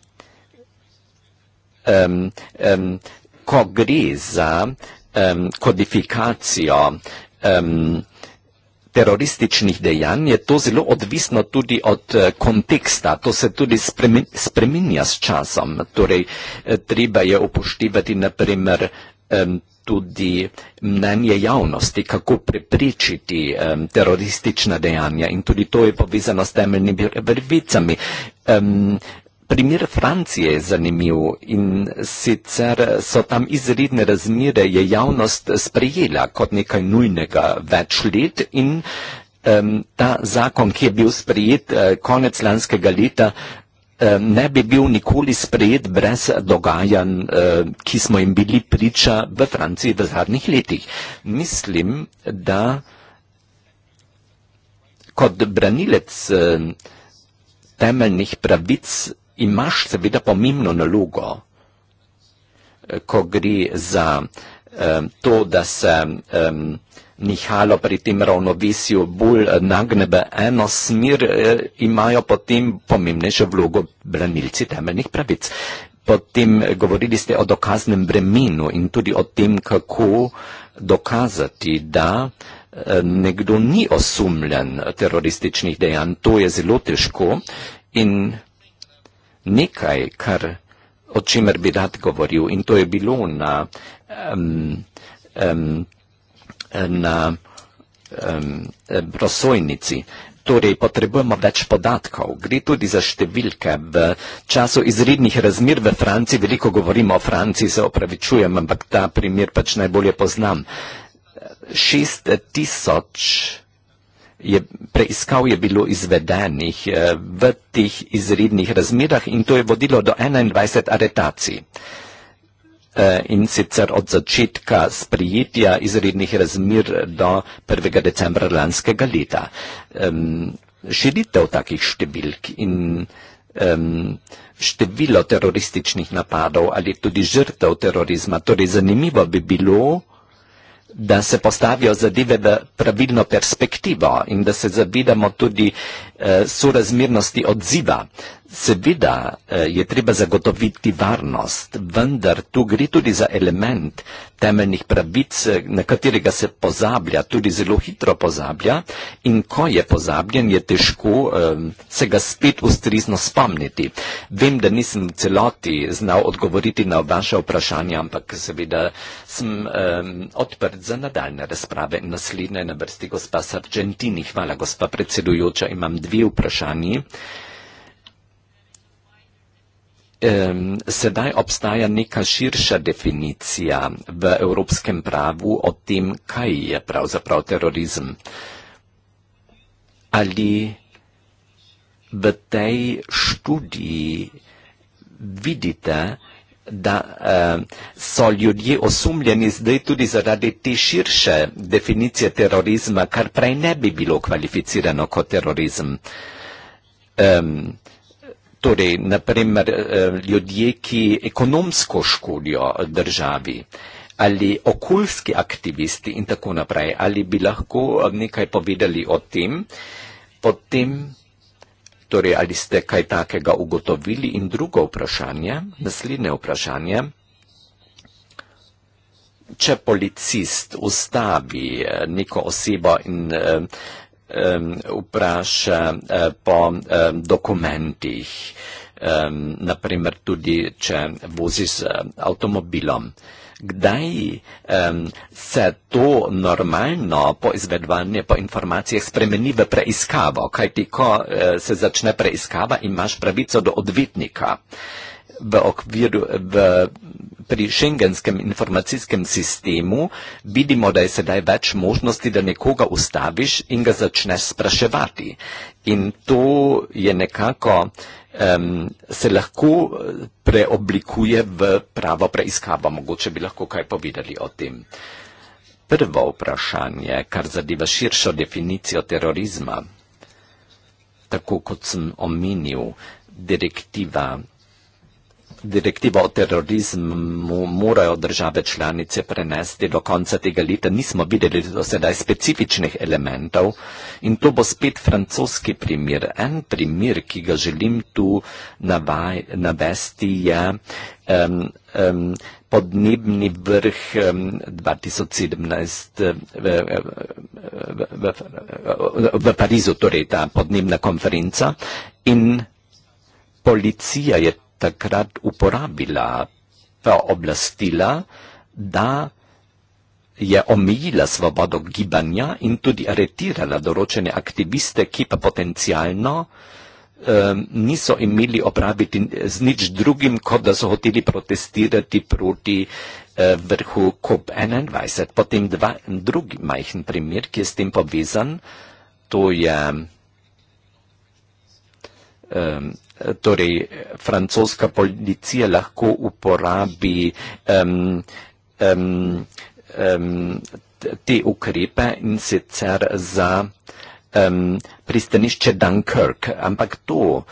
um, um, ko gre za um, kodifikacijo um, terorističnih dejanj, je to zelo odvisno tudi od uh, konteksta. To se tudi spremenja s časom. Torej, eh, treba je upoštevati, naprimer, tudi mnenje javnosti, kako prepričiti teroristična dejanja in tudi to je povezano s temeljnimi vrvicami. Primer Francije je zanimiv in sicer so tam izredne razmire, je javnost sprejela kot nekaj nujnega več let in um, ta zakon, ki je bil sprejet uh, konec lanskega leta, uh, Eh, ne bi bil nikoli sprejet brez dogajanj, eh, ki smo jim bili priča v Franciji v zadnjih letih. Mislim, da kot branilec eh, temeljnih pravic imaš seveda pomembno nalogo, ko gre za to, da se vsega nihalo pri tem ravnovesju bolj eh, nagne v eno smer, eh, imajo potem pomembnejšo vlogo branilci temeljnih pravic. Potem eh, govorili ste o dokaznem bremenu in tudi o tem, kako dokazati, da nekdo ni osumljen terorističnih dejanj. To je zelo težko in nekaj, kar, o čemer bi rad govoril, in to je bilo na um, um, na um, prosojnici. Torej, potrebujemo več podatkov. Gre tudi za številke. V času izrednih razmir v Franciji, veliko govorimo o Franciji, se opravičujem, ampak ta primer pač najbolje poznam. Šest tisoč je, preiskav je bilo izvedenih eh, v tih izrednih razmerah in to je vodilo do 21 aretacij. Eh, in sicer od začetka sprijetja izrednih razmir do 1. decembra lanskega leta. Širitev takih številk in število terorističnih napadov ali tudi žrtev terorizma, torej zanimivo bi bilo, da se postavijo zadeve v pravilno perspektivo in da se zavidamo tudi Eh, sorazmernosti odziva. Seveda eh, je treba zagotoviti varnost, vendar tu gre tudi za element temeljnih pravic, eh, na katerega se pozablja, tudi zelo hitro pozablja in ko je pozabljen, je težko se ga spet ustrizno spomniti. Vem, da nisem v celoti znal odgovoriti na vaše vprašanje, ampak seveda sem odprt za nadaljne razprave. Naslednja je na vrsti gospa Sargentini. Hvala, gospa predsedujoča, imam dve vprašanji. Sedaj obstaja neka širša definicija v evropskem pravu o tem, kaj je pravzaprav terorizem. Ali v tej študiji vidite, da je da uh, so ljudje osumljeni zdaj tudi zaradi te širše definicije terorizma, kar prej ne bi bilo kvalificirano kot terorizem. Um, torej, naprimer, eh, ljudje, ki ekonomsko škodijo državi ali okoljski aktivisti in tako naprej. Ali bi lahko nekaj povedali o tem? Potem Torej, ali ste kaj takega ugotovili? In drugo vprašanje, naslednje vprašanje. Če policist ustavi eh, neko osebo in um, vpraša um, po um, dokumentih, um, naprimer tudi, če vozi z avtomobilom, kdaj um, se to normalno po izvedvanju, po informacijah spremeni v preiskavo, kajti ko uh, se začne preiskava, imaš pravico do odvetnika. Uh, v okviru, v, pri šengenskem informacijskem sistemu vidimo, da je sedaj več možnosti, da nekoga ustaviš in ga začneš spraševati. In to je nekako, um, se lahko eh, preoblikuje v pravo preiskavo. Mogoče bi lahko kaj povedali o tem. Prvo vprašanje, kar zadeva širšo definicijo terorizma, tako kot sem omenil, direktiva direktivo o terorizmu morajo države članice prenesti do konca tega leta. Nismo videli do sedaj specifičnih elementov in to bo spet francoski primer. En primer, ki ga želim tu navaj, navesti, je um, um, podnebni vrh um, 2017 v, v, v, v, v Parizu, torej ta podnebna konferenca. In policija je takrat uporabila ta oblastila, da je omejila svobodo gibanja in tudi aretirala določene aktiviste, ki pa potencialno um, niso imeli opraviti z nič drugim, kot da so hoteli protestirati proti uh, vrhu COP21. Potem dva, drugi majhen primer, ki je s tem povezan, to je um, torej francoska policija lahko uporabi um, um, um, te ukrepe in sicer za um, pristanišče Dunkirk, ampak to uh,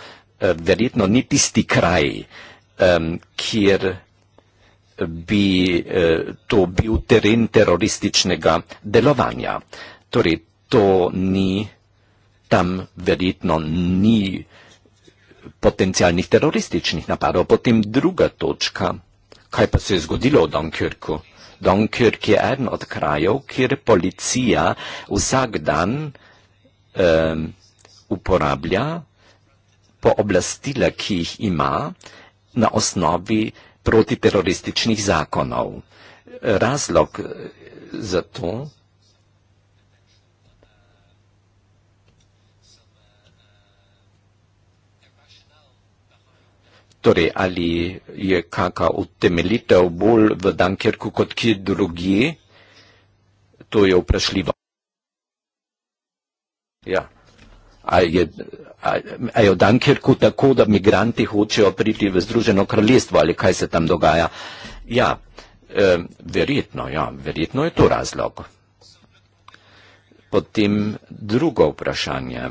verjetno ni tisti kraj, um, kjer bi uh, to bil teren terorističnega delovanja. Torej, to ni tam verjetno ni potencijalnih terorističnih napadov. Potem druga točka, kaj pa se je zgodilo v Donkirku? Donkirk je eden od krajev, kjer policija vsak dan eh, uporablja pooblastila, ki jih ima na osnovi protiterorističnih zakonov. Razlog eh, za to, Torej, ali je kakšna utemeljitev bolj v Dunkerku kot kje drugje, to je vprašljivo. Ja. A je v Dunkerku tako, da migranti hočejo priti v Združeno kraljestvo ali kaj se tam dogaja? Ja, eh, verjetno, ja, verjetno je to razlog. Potem drugo vprašanje.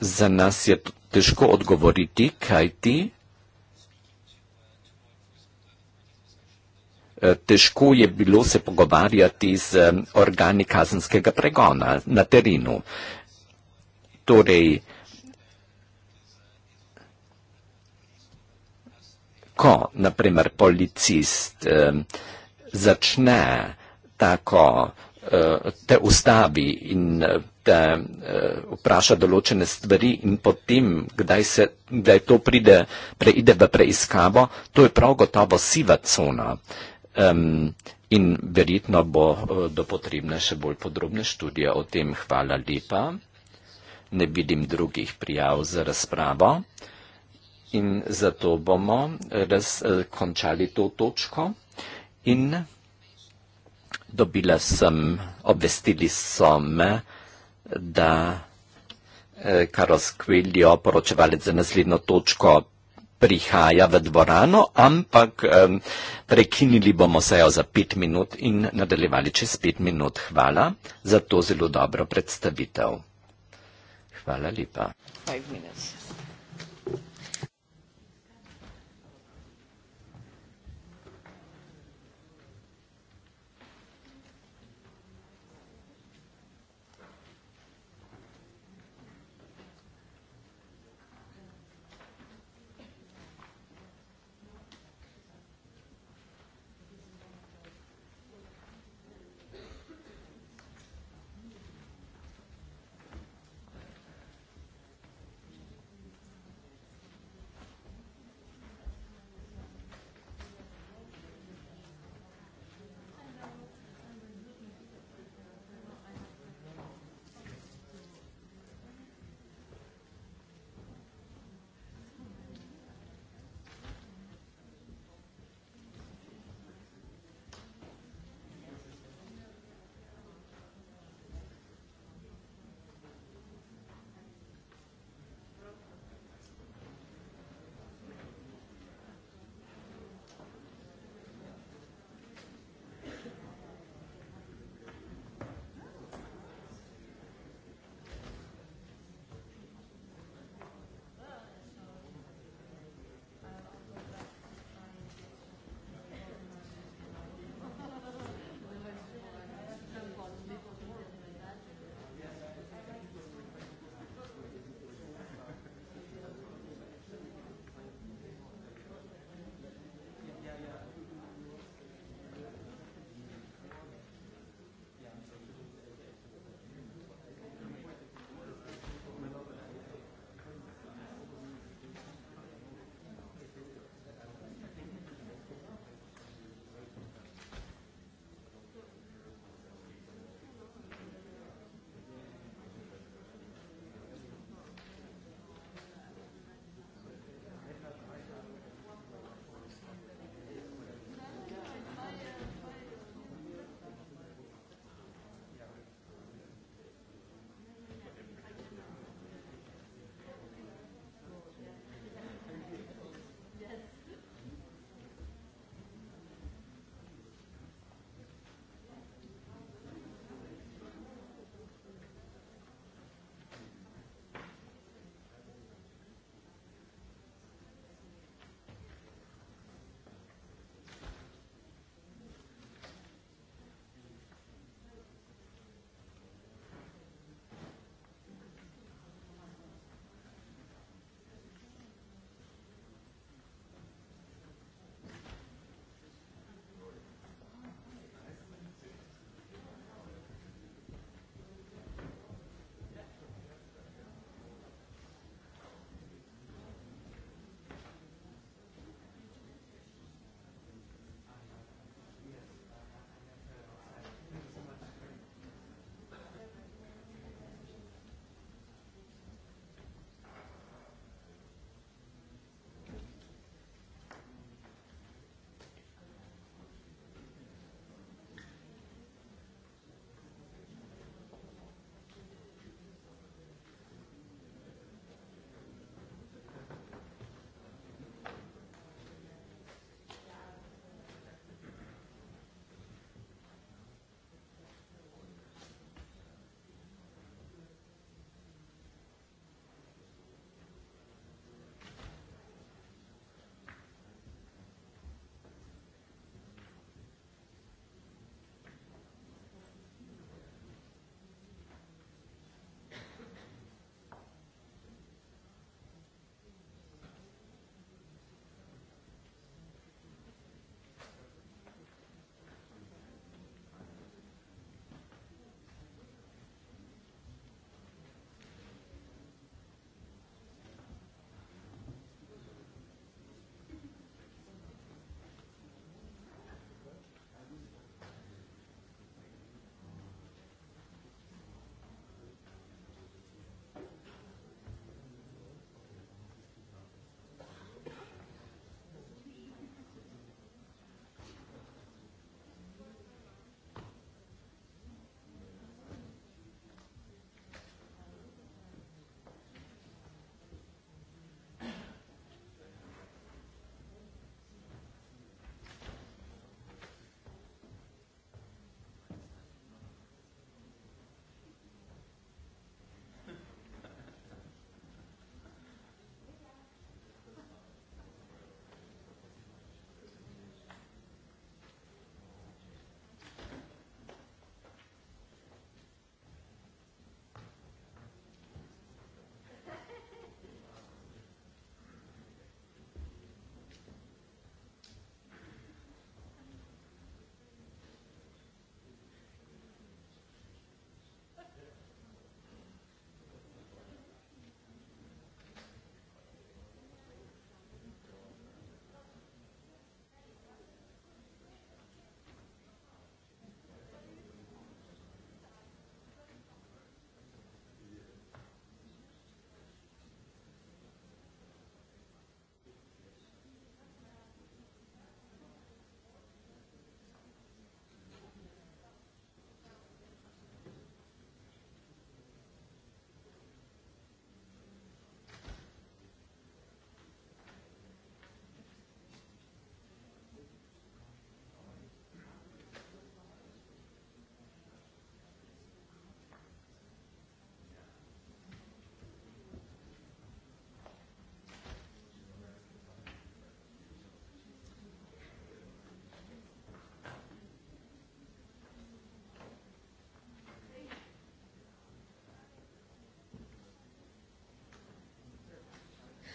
Za nas je to težko odgovoriti, kaj ti eh, težko je bilo se pogovarjati z eh, organi kazenskega pregona na terenu. Torej, ko, naprimer, policist eh, začne tako, te ustavi in te uh, vpraša določene stvari in potem, kdaj, se, kdaj to pride, preide v preiskavo, to je prav gotovo siva cona. Um, in verjetno bo uh, do potrebne še bolj podrobne študije o tem. Hvala lepa. Ne vidim drugih prijav za razpravo. In zato bomo raz, uh, končali to točko. In dobila sem, obvestili so me, da Karos eh, Quilio poročevalec za naslednjo točko prihaja v dvorano, ampak prekinili bomo sejo za pet minut in nadaljevali čez pet minut. Hvala za to zelo dobro predstavitev. Hvala lepa. Five minutes.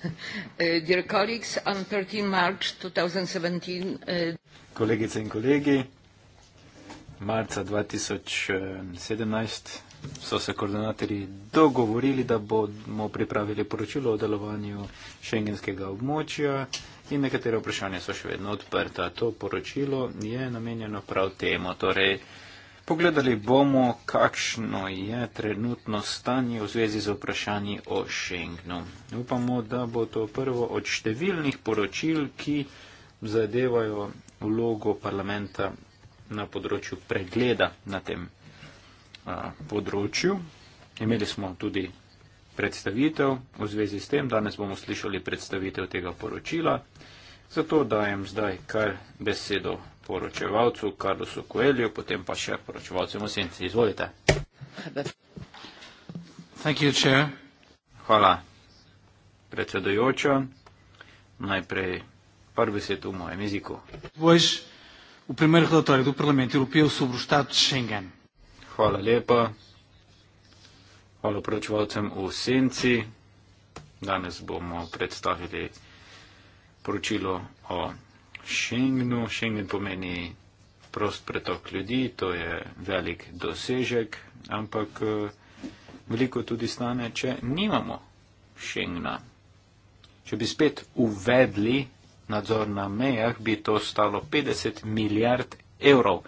Eh, dear colleagues, on 13 March 2017... Uh, eh, Kolegice in kolegi, marca 2017 eh, so se koordinatorji dogovorili, da bomo pripravili poročilo o delovanju šengenskega območja in nekatere vprašanja so še vedno odprta. To poročilo je namenjeno prav temu, torej uh, Pogledali bomo, kakšno je trenutno stanje v zvezi z vprašanji o Schengnu. Upamo, da bo to prvo od številnih poročil, ki zadevajo vlogo parlamenta na področju pregleda na tem a, področju. Imeli smo tudi predstavitev v zvezi s tem, danes bomo slišali predstavitev tega poročila. Zato dajem zdaj kar besedo poročevalcu Karlosu Koelju, potem pa še poročevalcem v senci. Izvolite. Thank you, chair. Hvala, predsedujoča. Najprej par besed v mojem jeziku. Hvala lepa. Hvala poročevalcem v senci. Danes bomo predstavili poročilo o Schengenu. Schengen pomeni prost pretok ljudi, to je velik dosežek, ampak eh, veliko tudi stane, če nimamo Schengena. Če bi spet uvedli nadzor na mejah, bi to stalo 50 milijard evrov.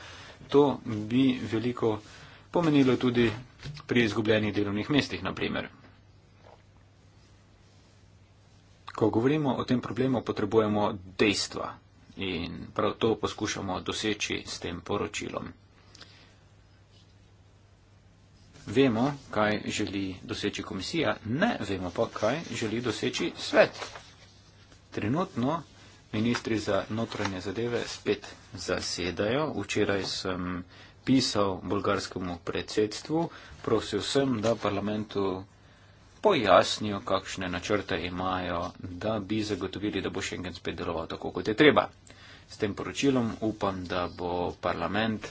To bi veliko pomenilo tudi pri izgubljenih delovnih mestih, naprimer. Ko govorimo o tem problemu, potrebujemo dejstva. In prav to poskušamo doseči s tem poročilom. Vemo, kaj želi doseči komisija, ne vemo pa, kaj želi doseči svet. Trenutno ministri za notranje zadeve spet zasedajo. Včeraj sem pisal bolgarskemu predsedstvu, prosil sem, da parlamentu pojasnijo, kakšne načrte imajo, da bi zagotovili, da bo Schengen spet deloval tako, kot je treba. S tem poročilom upam, da bo parlament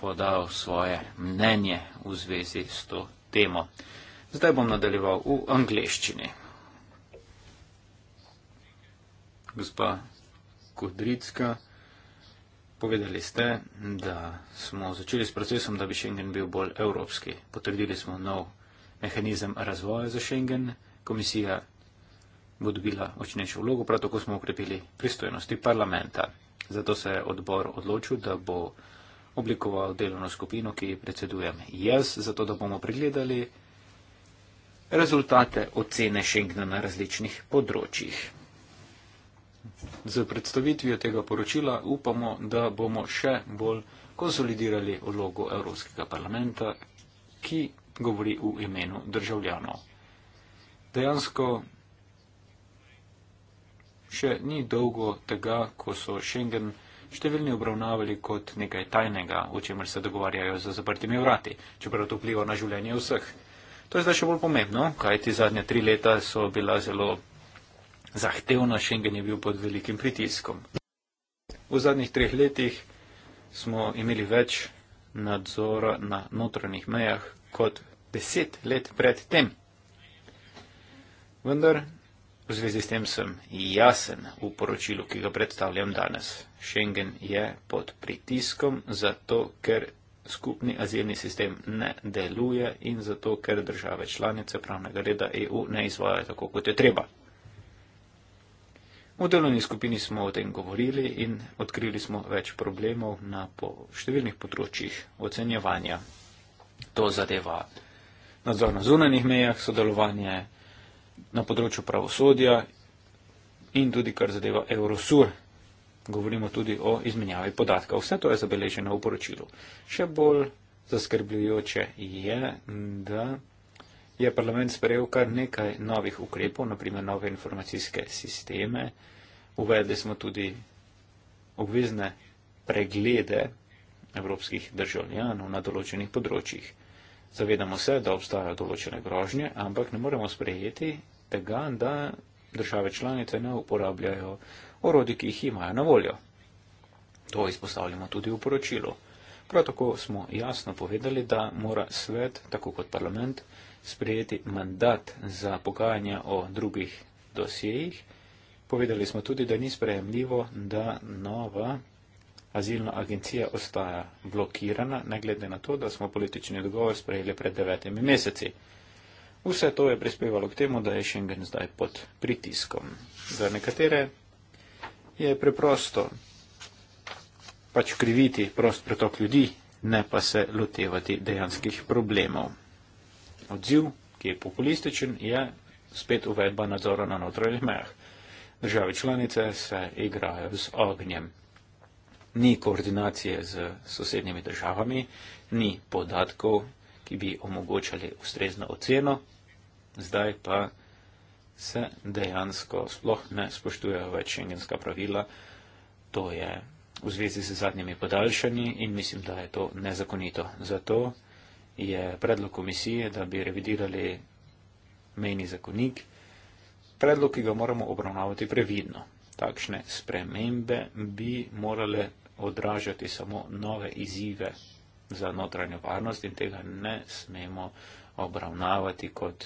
podal svoje mnenje v zvezi s to temo. Zdaj bom nadaljeval v angleščini. Gospa Kudricka, povedali ste, da smo začeli s procesom, da bi Schengen bil bolj evropski. Potrdili smo nov mehanizem razvoja za Schengen. Komisija bo dobila očnejšo vlogo, prav tako smo ukrepili pristojnosti parlamenta. Zato se je odbor odločil, da bo oblikoval delovno skupino, ki predsedujem jaz, zato da bomo pregledali rezultate ocene Schengna na različnih področjih. Z predstavitvijo tega poročila upamo, da bomo še bolj konsolidirali vlogo Evropskega parlamenta, ki govori v imenu državljanov. Dejansko še ni dolgo tega, ko so Schengen številni obravnavali kot nekaj tajnega, o čemer se dogovarjajo za zaprtimi vrati, čeprav to vpliva na življenje vseh. To je zdaj še bolj pomembno, kajti zadnja tri leta so bila zelo zahtevna, Schengen je bil pod velikim pritiskom. V zadnjih treh letih smo imeli več nadzora na notranjih mejah kot deset let pred tem. Vendar v zvezi s tem sem jasen v poročilu, ki ga predstavljam danes. Schengen je pod pritiskom zato, ker skupni azilni sistem ne deluje in zato, ker države članice pravnega reda EU ne izvajajo tako, kot je treba. V delovni skupini smo o tem govorili in odkrili smo več problemov na po številnih področjih ocenjevanja. To zadeva nadzor na zunanih mejah, sodelovanje na področju pravosodja in tudi kar zadeva Eurosur. Govorimo tudi o izmenjavi podatkov. Vse to je zabeleženo v poročilu. Še bolj zaskrbljujoče je, da je parlament sprejel kar nekaj novih ukrepov, naprimer nove informacijske sisteme. Uvedli smo tudi obvezne preglede evropskih državljanov na določenih področjih. Zavedamo se, da obstajajo določene grožnje, ampak ne moremo sprejeti tega, da države članice ne uporabljajo orodi, ki jih imajo na voljo. To izpostavljamo tudi v poročilu. Prav tako smo jasno povedali, da mora svet, tako kot parlament, sprejeti mandat za pogajanja o drugih dosjejih. Povedali smo tudi, da ni sprejemljivo, da nova azilna agencija ostaja blokirana, ne glede na to, da smo politični dogovor sprejeli pred devetimi meseci. Vse to je prispevalo k temu, da je Schengen zdaj pod pritiskom. Za nekatere je preprosto pač kriviti prost pretok ljudi, ne pa se lotevati dejanskih problemov. Odziv, ki je populističen, je spet uvedba nadzora na notranjih mejah. Države članice se igrajo z ognjem ni koordinacije z sosednjimi državami, ni podatkov, ki bi omogočali ustrezno oceno, zdaj pa se dejansko sploh ne spoštujejo več šengenska pravila. To je v zvezi z zadnjimi podaljšanji in mislim, da je to nezakonito. Zato je predlog komisije, da bi revidirali mejni zakonik, predlog, ki ga moramo obravnavati previdno. Takšne spremembe bi morale odražati samo nove izzive za notranjo varnost in tega ne smemo obravnavati kot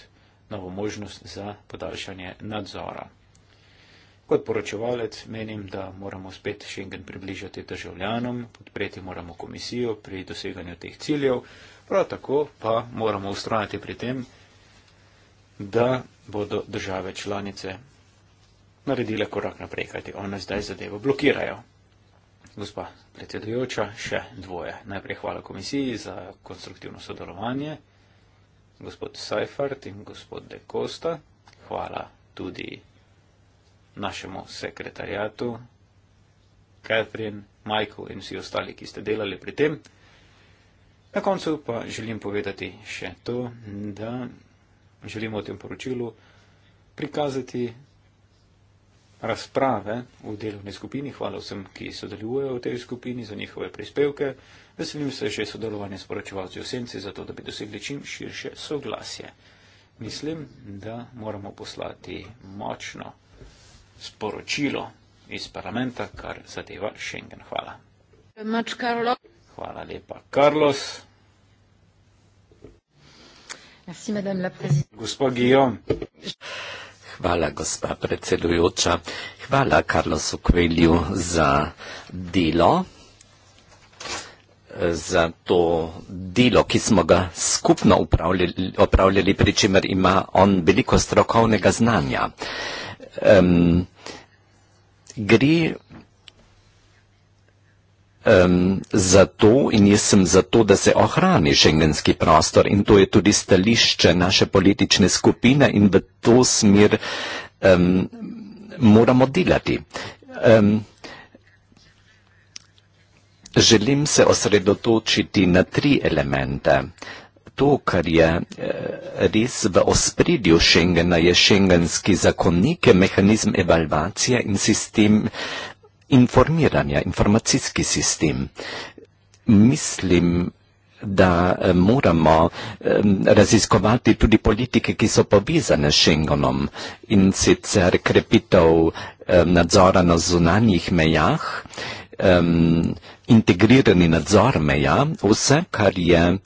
novo možnost za podaljšanje nadzora. Kot poročevalec menim, da moramo spet Schengen približati državljanom, podpreti moramo komisijo pri doseganju teh ciljev, prav tako pa moramo ustrajati pri tem, da bodo države članice naredile korak naprej, kajti one zdaj zadevo blokirajo gospa predsedujoča, še dvoje. Najprej hvala komisiji za konstruktivno sodelovanje, gospod Seifert in gospod De Costa. Hvala tudi našemu sekretarjatu, Catherine, Majku in vsi ostali, ki ste delali pri tem. Na koncu pa želim povedati še to, da želimo v tem poročilu prikazati razprave v delovni skupini. Hvala vsem, ki sodelujejo v tej skupini za njihove prispevke. Veselim se že sodelovanja s poročevalci v senci, zato da bi dosegli čim širše soglasje. Mislim, da moramo poslati močno sporočilo iz parlamenta, kar zadeva Schengen. Hvala. Hvala lepa, Carlos. Merci, madame la présidente. Gospod Guillaume. Hvala, gospa predsedujoča. Hvala, Carlos Ukvelju, za delo, za to delo, ki smo ga skupno upravljali, upravljali pri čemer ima on veliko strokovnega znanja. Um, gre um, zato in jaz sem zato, da se ohrani šengenski prostor in to je tudi stališče naše politične skupine in v to smer um, moramo delati. Um, želim se osredotočiti na tri elemente. To, kar je eh, res v ospredju Schengena, je šengenski zakonik, mehanizem evalvacije in sistem informiranja, informacijski sistem. Mislim, da eh, moramo raziskovati tudi politike, ki so povezane s Schengenom in sicer krepitev nadzora na zunanjih mejah, integrirani nadzor meja, vse, kar je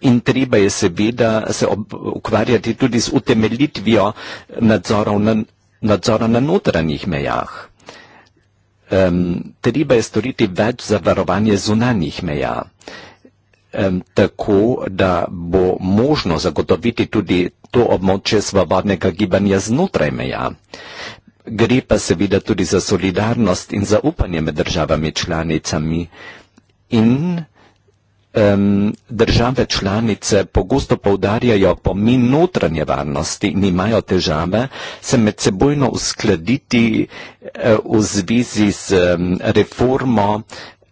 in treba je seveda se ukvarjati tudi z utemeljitvijo nadzorov na nadzora na notranjih mejah. Um, treba je storiti več za varovanje zunanjih meja, um, tako da bo možno zagotoviti tudi to območje svobodnega gibanja znotraj meja. Gre pa seveda tudi za solidarnost in zaupanje med državami članicami in um, države članice pogosto poudarjajo pomen notranje varnosti in imajo težave se med sebojno uskladiti uh, v zvezi z um, reformo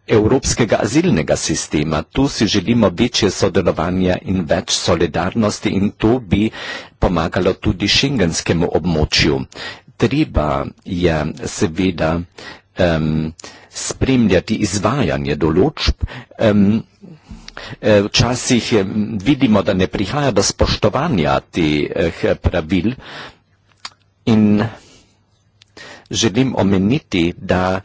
evropskega azilnega sistema. Tu si želimo večje sodelovanje in več solidarnosti in to bi pomagalo tudi šengenskemu območju. Treba je seveda um, spremljati izvajanje določb. Um, Eh, včasih eh, vidimo, da ne prihaja do spoštovanja teh eh, pravil in želim omeniti, da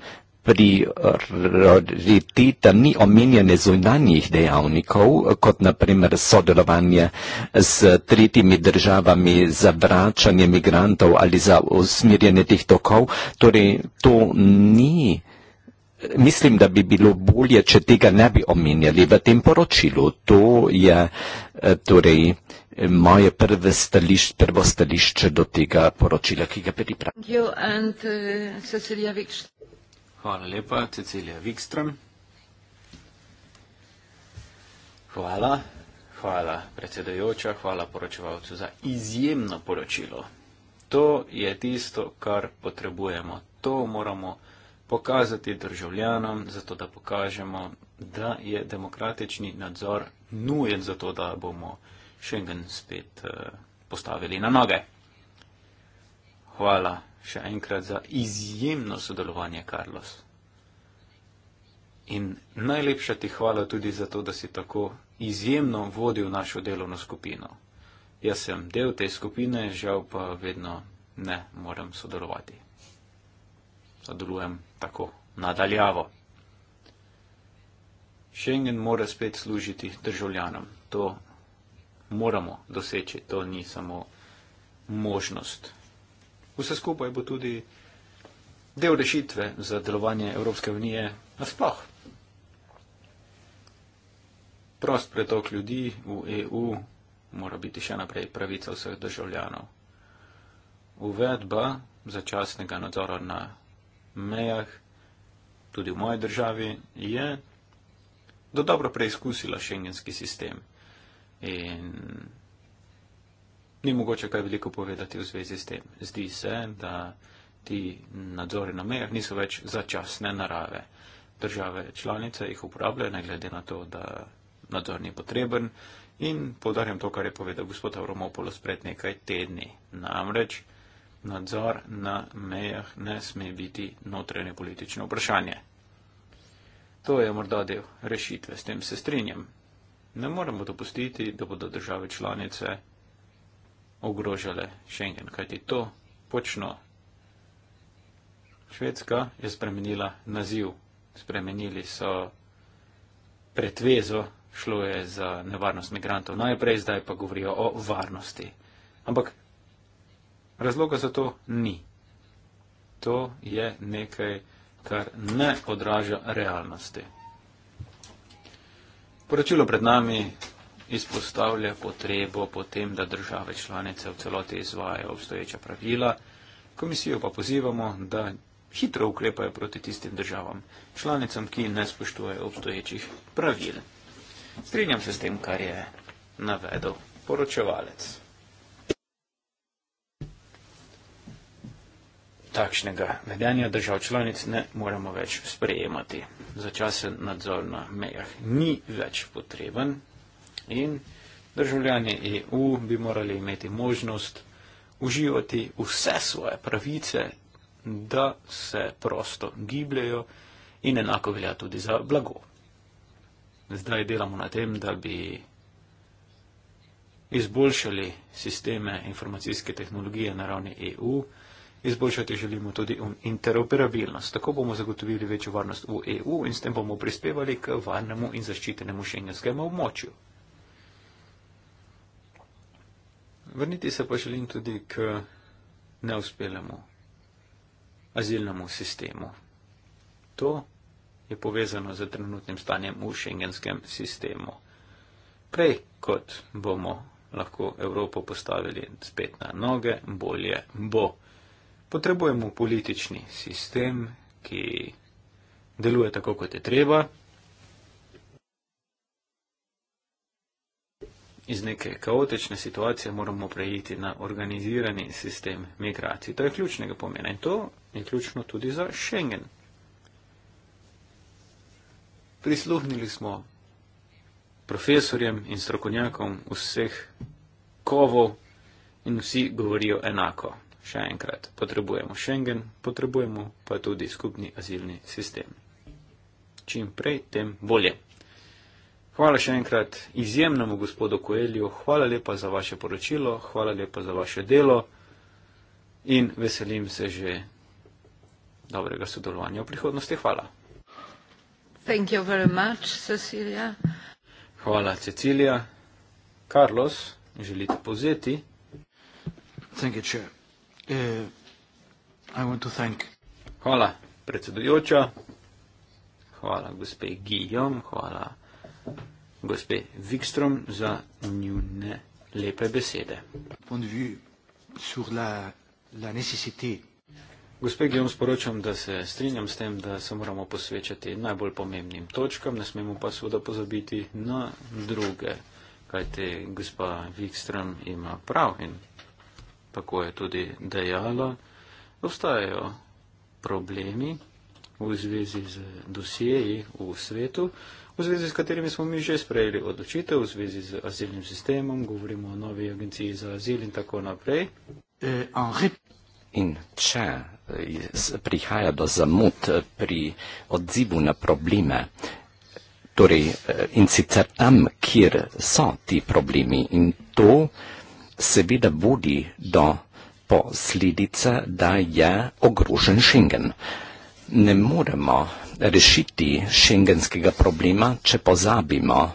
prioriteta ni omenjanje zunanjih dejavnikov, kot naprimer sodelovanje s tretjimi državami za vračanje migrantov ali za usmirjanje teh tokov, torej to ni omenjanje mislim, da bi bilo bolje, če tega ne bi omenjali v tem poročilu. To je eh, torej eh, moje prve stališ, prvo stališče do tega poročila, ki ga pripravljam. Eh, hvala lepa, Cecilija Wikström. Hvala, hvala predsedajoča, hvala poročevalcu za izjemno poročilo. To je tisto, kar potrebujemo. To moramo pokazati državljanom, zato da pokažemo, da je demokratični nadzor nujen za to, da bomo Schengen spet eh, postavili na noge. Hvala še enkrat za izjemno sodelovanje, Carlos. In najlepša ti hvala tudi za to, da si tako izjemno vodil našo delovno skupino. Jaz sem del te skupine, žal pa vedno ne morem sodelovati da delujem tako nadaljavo. Schengen mora spet služiti državljanom. To moramo doseči, to ni samo možnost. Vse skupaj bo tudi del rešitve za delovanje Evropske unije nasploh. Prost pretok ljudi v EU mora biti še naprej pravica vseh državljanov. Uvedba začasnega nadzora na mejah, tudi v moji državi, je do dobro preizkusila šengenski sistem. In ni mogoče kaj veliko povedati v zvezi s tem. Zdi se, da ti nadzori na mejah niso več začasne narave. Države članice jih uporabljajo, ne glede na to, da nadzor ni potreben. In podarjam to, kar je povedal gospod Avromopolo spred nekaj tedni. Namreč, nadzor na mejah ne sme biti notranje politično vprašanje. To je morda del rešitve, s tem se strinjam. Ne moramo dopustiti, da bodo države članice ogrožale Schengen, kajti to počno. Švedska je spremenila naziv, spremenili so pretvezo, šlo je za nevarnost migrantov najprej, zdaj pa govorijo o varnosti. Ampak Razloga za to ni. To je nekaj, kar ne odraža realnosti. Poročilo pred nami izpostavlja potrebo potem, da države članice v celoti izvajajo obstoječa pravila, komisijo pa pozivamo, da hitro ukrepajo proti tistim državam, članicam, ki ne spoštujejo obstoječih pravil. Strinjam se s tem, kar je navedel poročevalec. takšnega vedenja držav članic ne moremo več sprejemati. Začasen nadzor na mejah ni več potreben in državljani EU bi morali imeti možnost uživati vse svoje pravice, da se prosto gibljajo in enako velja tudi za blago. Zdaj delamo na tem, da bi izboljšali sisteme informacijske tehnologije na ravni EU, Izboljšati želimo tudi um interoperabilnost. Tako bomo zagotovili večjo varnost v EU in s tem bomo prispevali k varnemu in zaščitenemu šengenskemu območju. Vrniti se pa želim tudi k neuspelemu azilnemu sistemu. To je povezano z trenutnim stanjem v šengenskem sistemu. Prej kot bomo lahko Evropo postavili spet na noge, bolje bo. Potrebujemo politični sistem, ki deluje tako, kot je treba, iz neke kaotične situacije moramo preiti na organizirani sistem migracij. To je ključnega pomena in to je ključno tudi za Schengen. Prisluhnili smo profesorjem in strokovnjakom vseh kovov in vsi govorijo enako še enkrat, potrebujemo Schengen, potrebujemo pa tudi skupni azilni sistem. Čim prej, tem bolje. Hvala še enkrat izjemnemu gospodu Koelju, hvala lepa za vaše poročilo, hvala lepa za vaše delo in veselim se že dobrega sodelovanja v prihodnosti. Hvala. Thank you very much, Cecilia. Hvala, Cecilia. Carlos, želite povzeti? Thank you, Chair. Uh, hvala predsedujoča, hvala gospe Gijom, hvala gospe Vikstrom za njune lepe besede. La, la gospe Gijom, sporočam, da se strinjam s tem, da se moramo posvečati najbolj pomembnim točkam, ne smemo pa seveda pozabiti na druge, kajte gospa Vikstrom ima prav in tako je tudi dejala, obstajajo problemi v zvezi z dosjeji v svetu, v zvezi s katerimi smo mi že sprejeli odločitev, v zvezi z azilnim sistemom, govorimo o novi agenciji za azil in tako naprej. Eh, in če eh, prihaja do zamud pri odzivu na probleme, torej eh, in sicer tam, kjer so ti problemi in to, seveda vodi do posledice, da je ogrožen Schengen. Ne moremo rešiti šengenskega problema, če pozabimo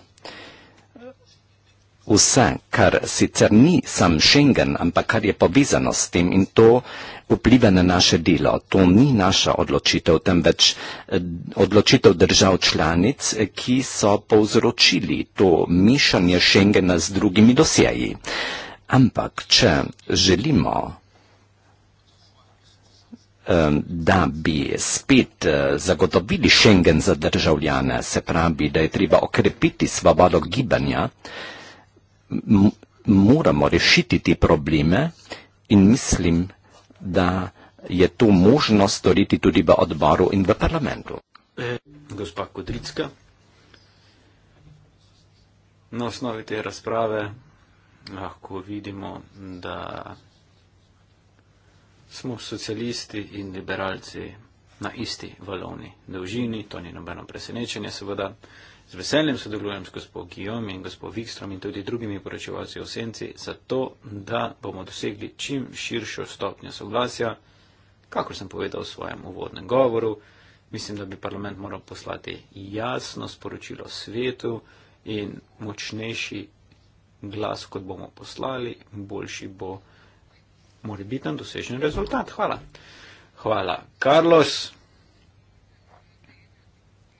vse, kar sicer ni sam Schengen, ampak kar je povezano s tem in to vpliva na naše delo. To ni naša odločitev, temveč eh, odločitev držav članic, eh, ki so povzročili to mišanje Schengena z drugimi dosjeji. Ampak, če želimo, da bi spet eh, zagotovili šengen za državljane, se pravi, da je treba okrepiti svobodo gibanja, moramo rešiti te probleme in mislim, da je to možno storiti tudi v odboru in v parlamentu. Eh, gospa Kudricka, na osnovi te razprave lahko vidimo, da smo socialisti in liberalci na isti valovni dolžini. To ni nobeno presenečenje, seveda. Z veseljem sodelujem s gospod Gijom in gospod Vikstrom in tudi drugimi poročevalci v senci, zato da bomo dosegli čim širšo stopnjo soglasja, kakor sem povedal v svojem uvodnem govoru. Mislim, da bi parlament moral poslati jasno sporočilo svetu in močnejši glas, kot bomo poslali, boljši bo morebitno dosežen rezultat. Hvala. Hvala. Carlos,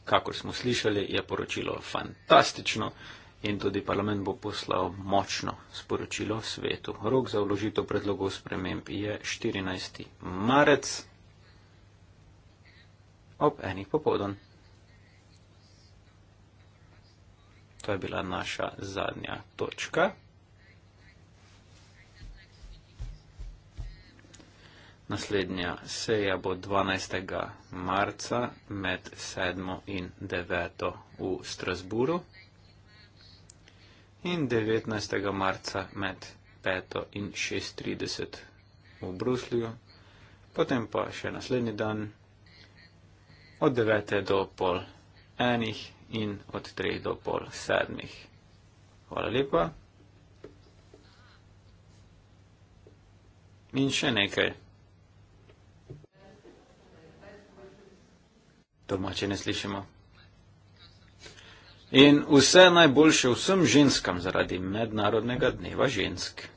kakor smo slišali, je poročilo fantastično in tudi parlament bo poslal močno sporočilo svetu. Rok za vložitev predlogov sprememb je 14. marec ob enih popovdan. To je bila naša zadnja točka. Naslednja seja bo 12. marca med 7. in 9. v Strasburu in 19. marca med 5. in 6.30 v Bruslju, potem pa še naslednji dan od 9. do pol enih in od 3 do pol 7. Hvala lepa. In še nekaj. Domače ne slišimo. In vse najboljše vsem ženskam zaradi Mednarodnega dneva žensk.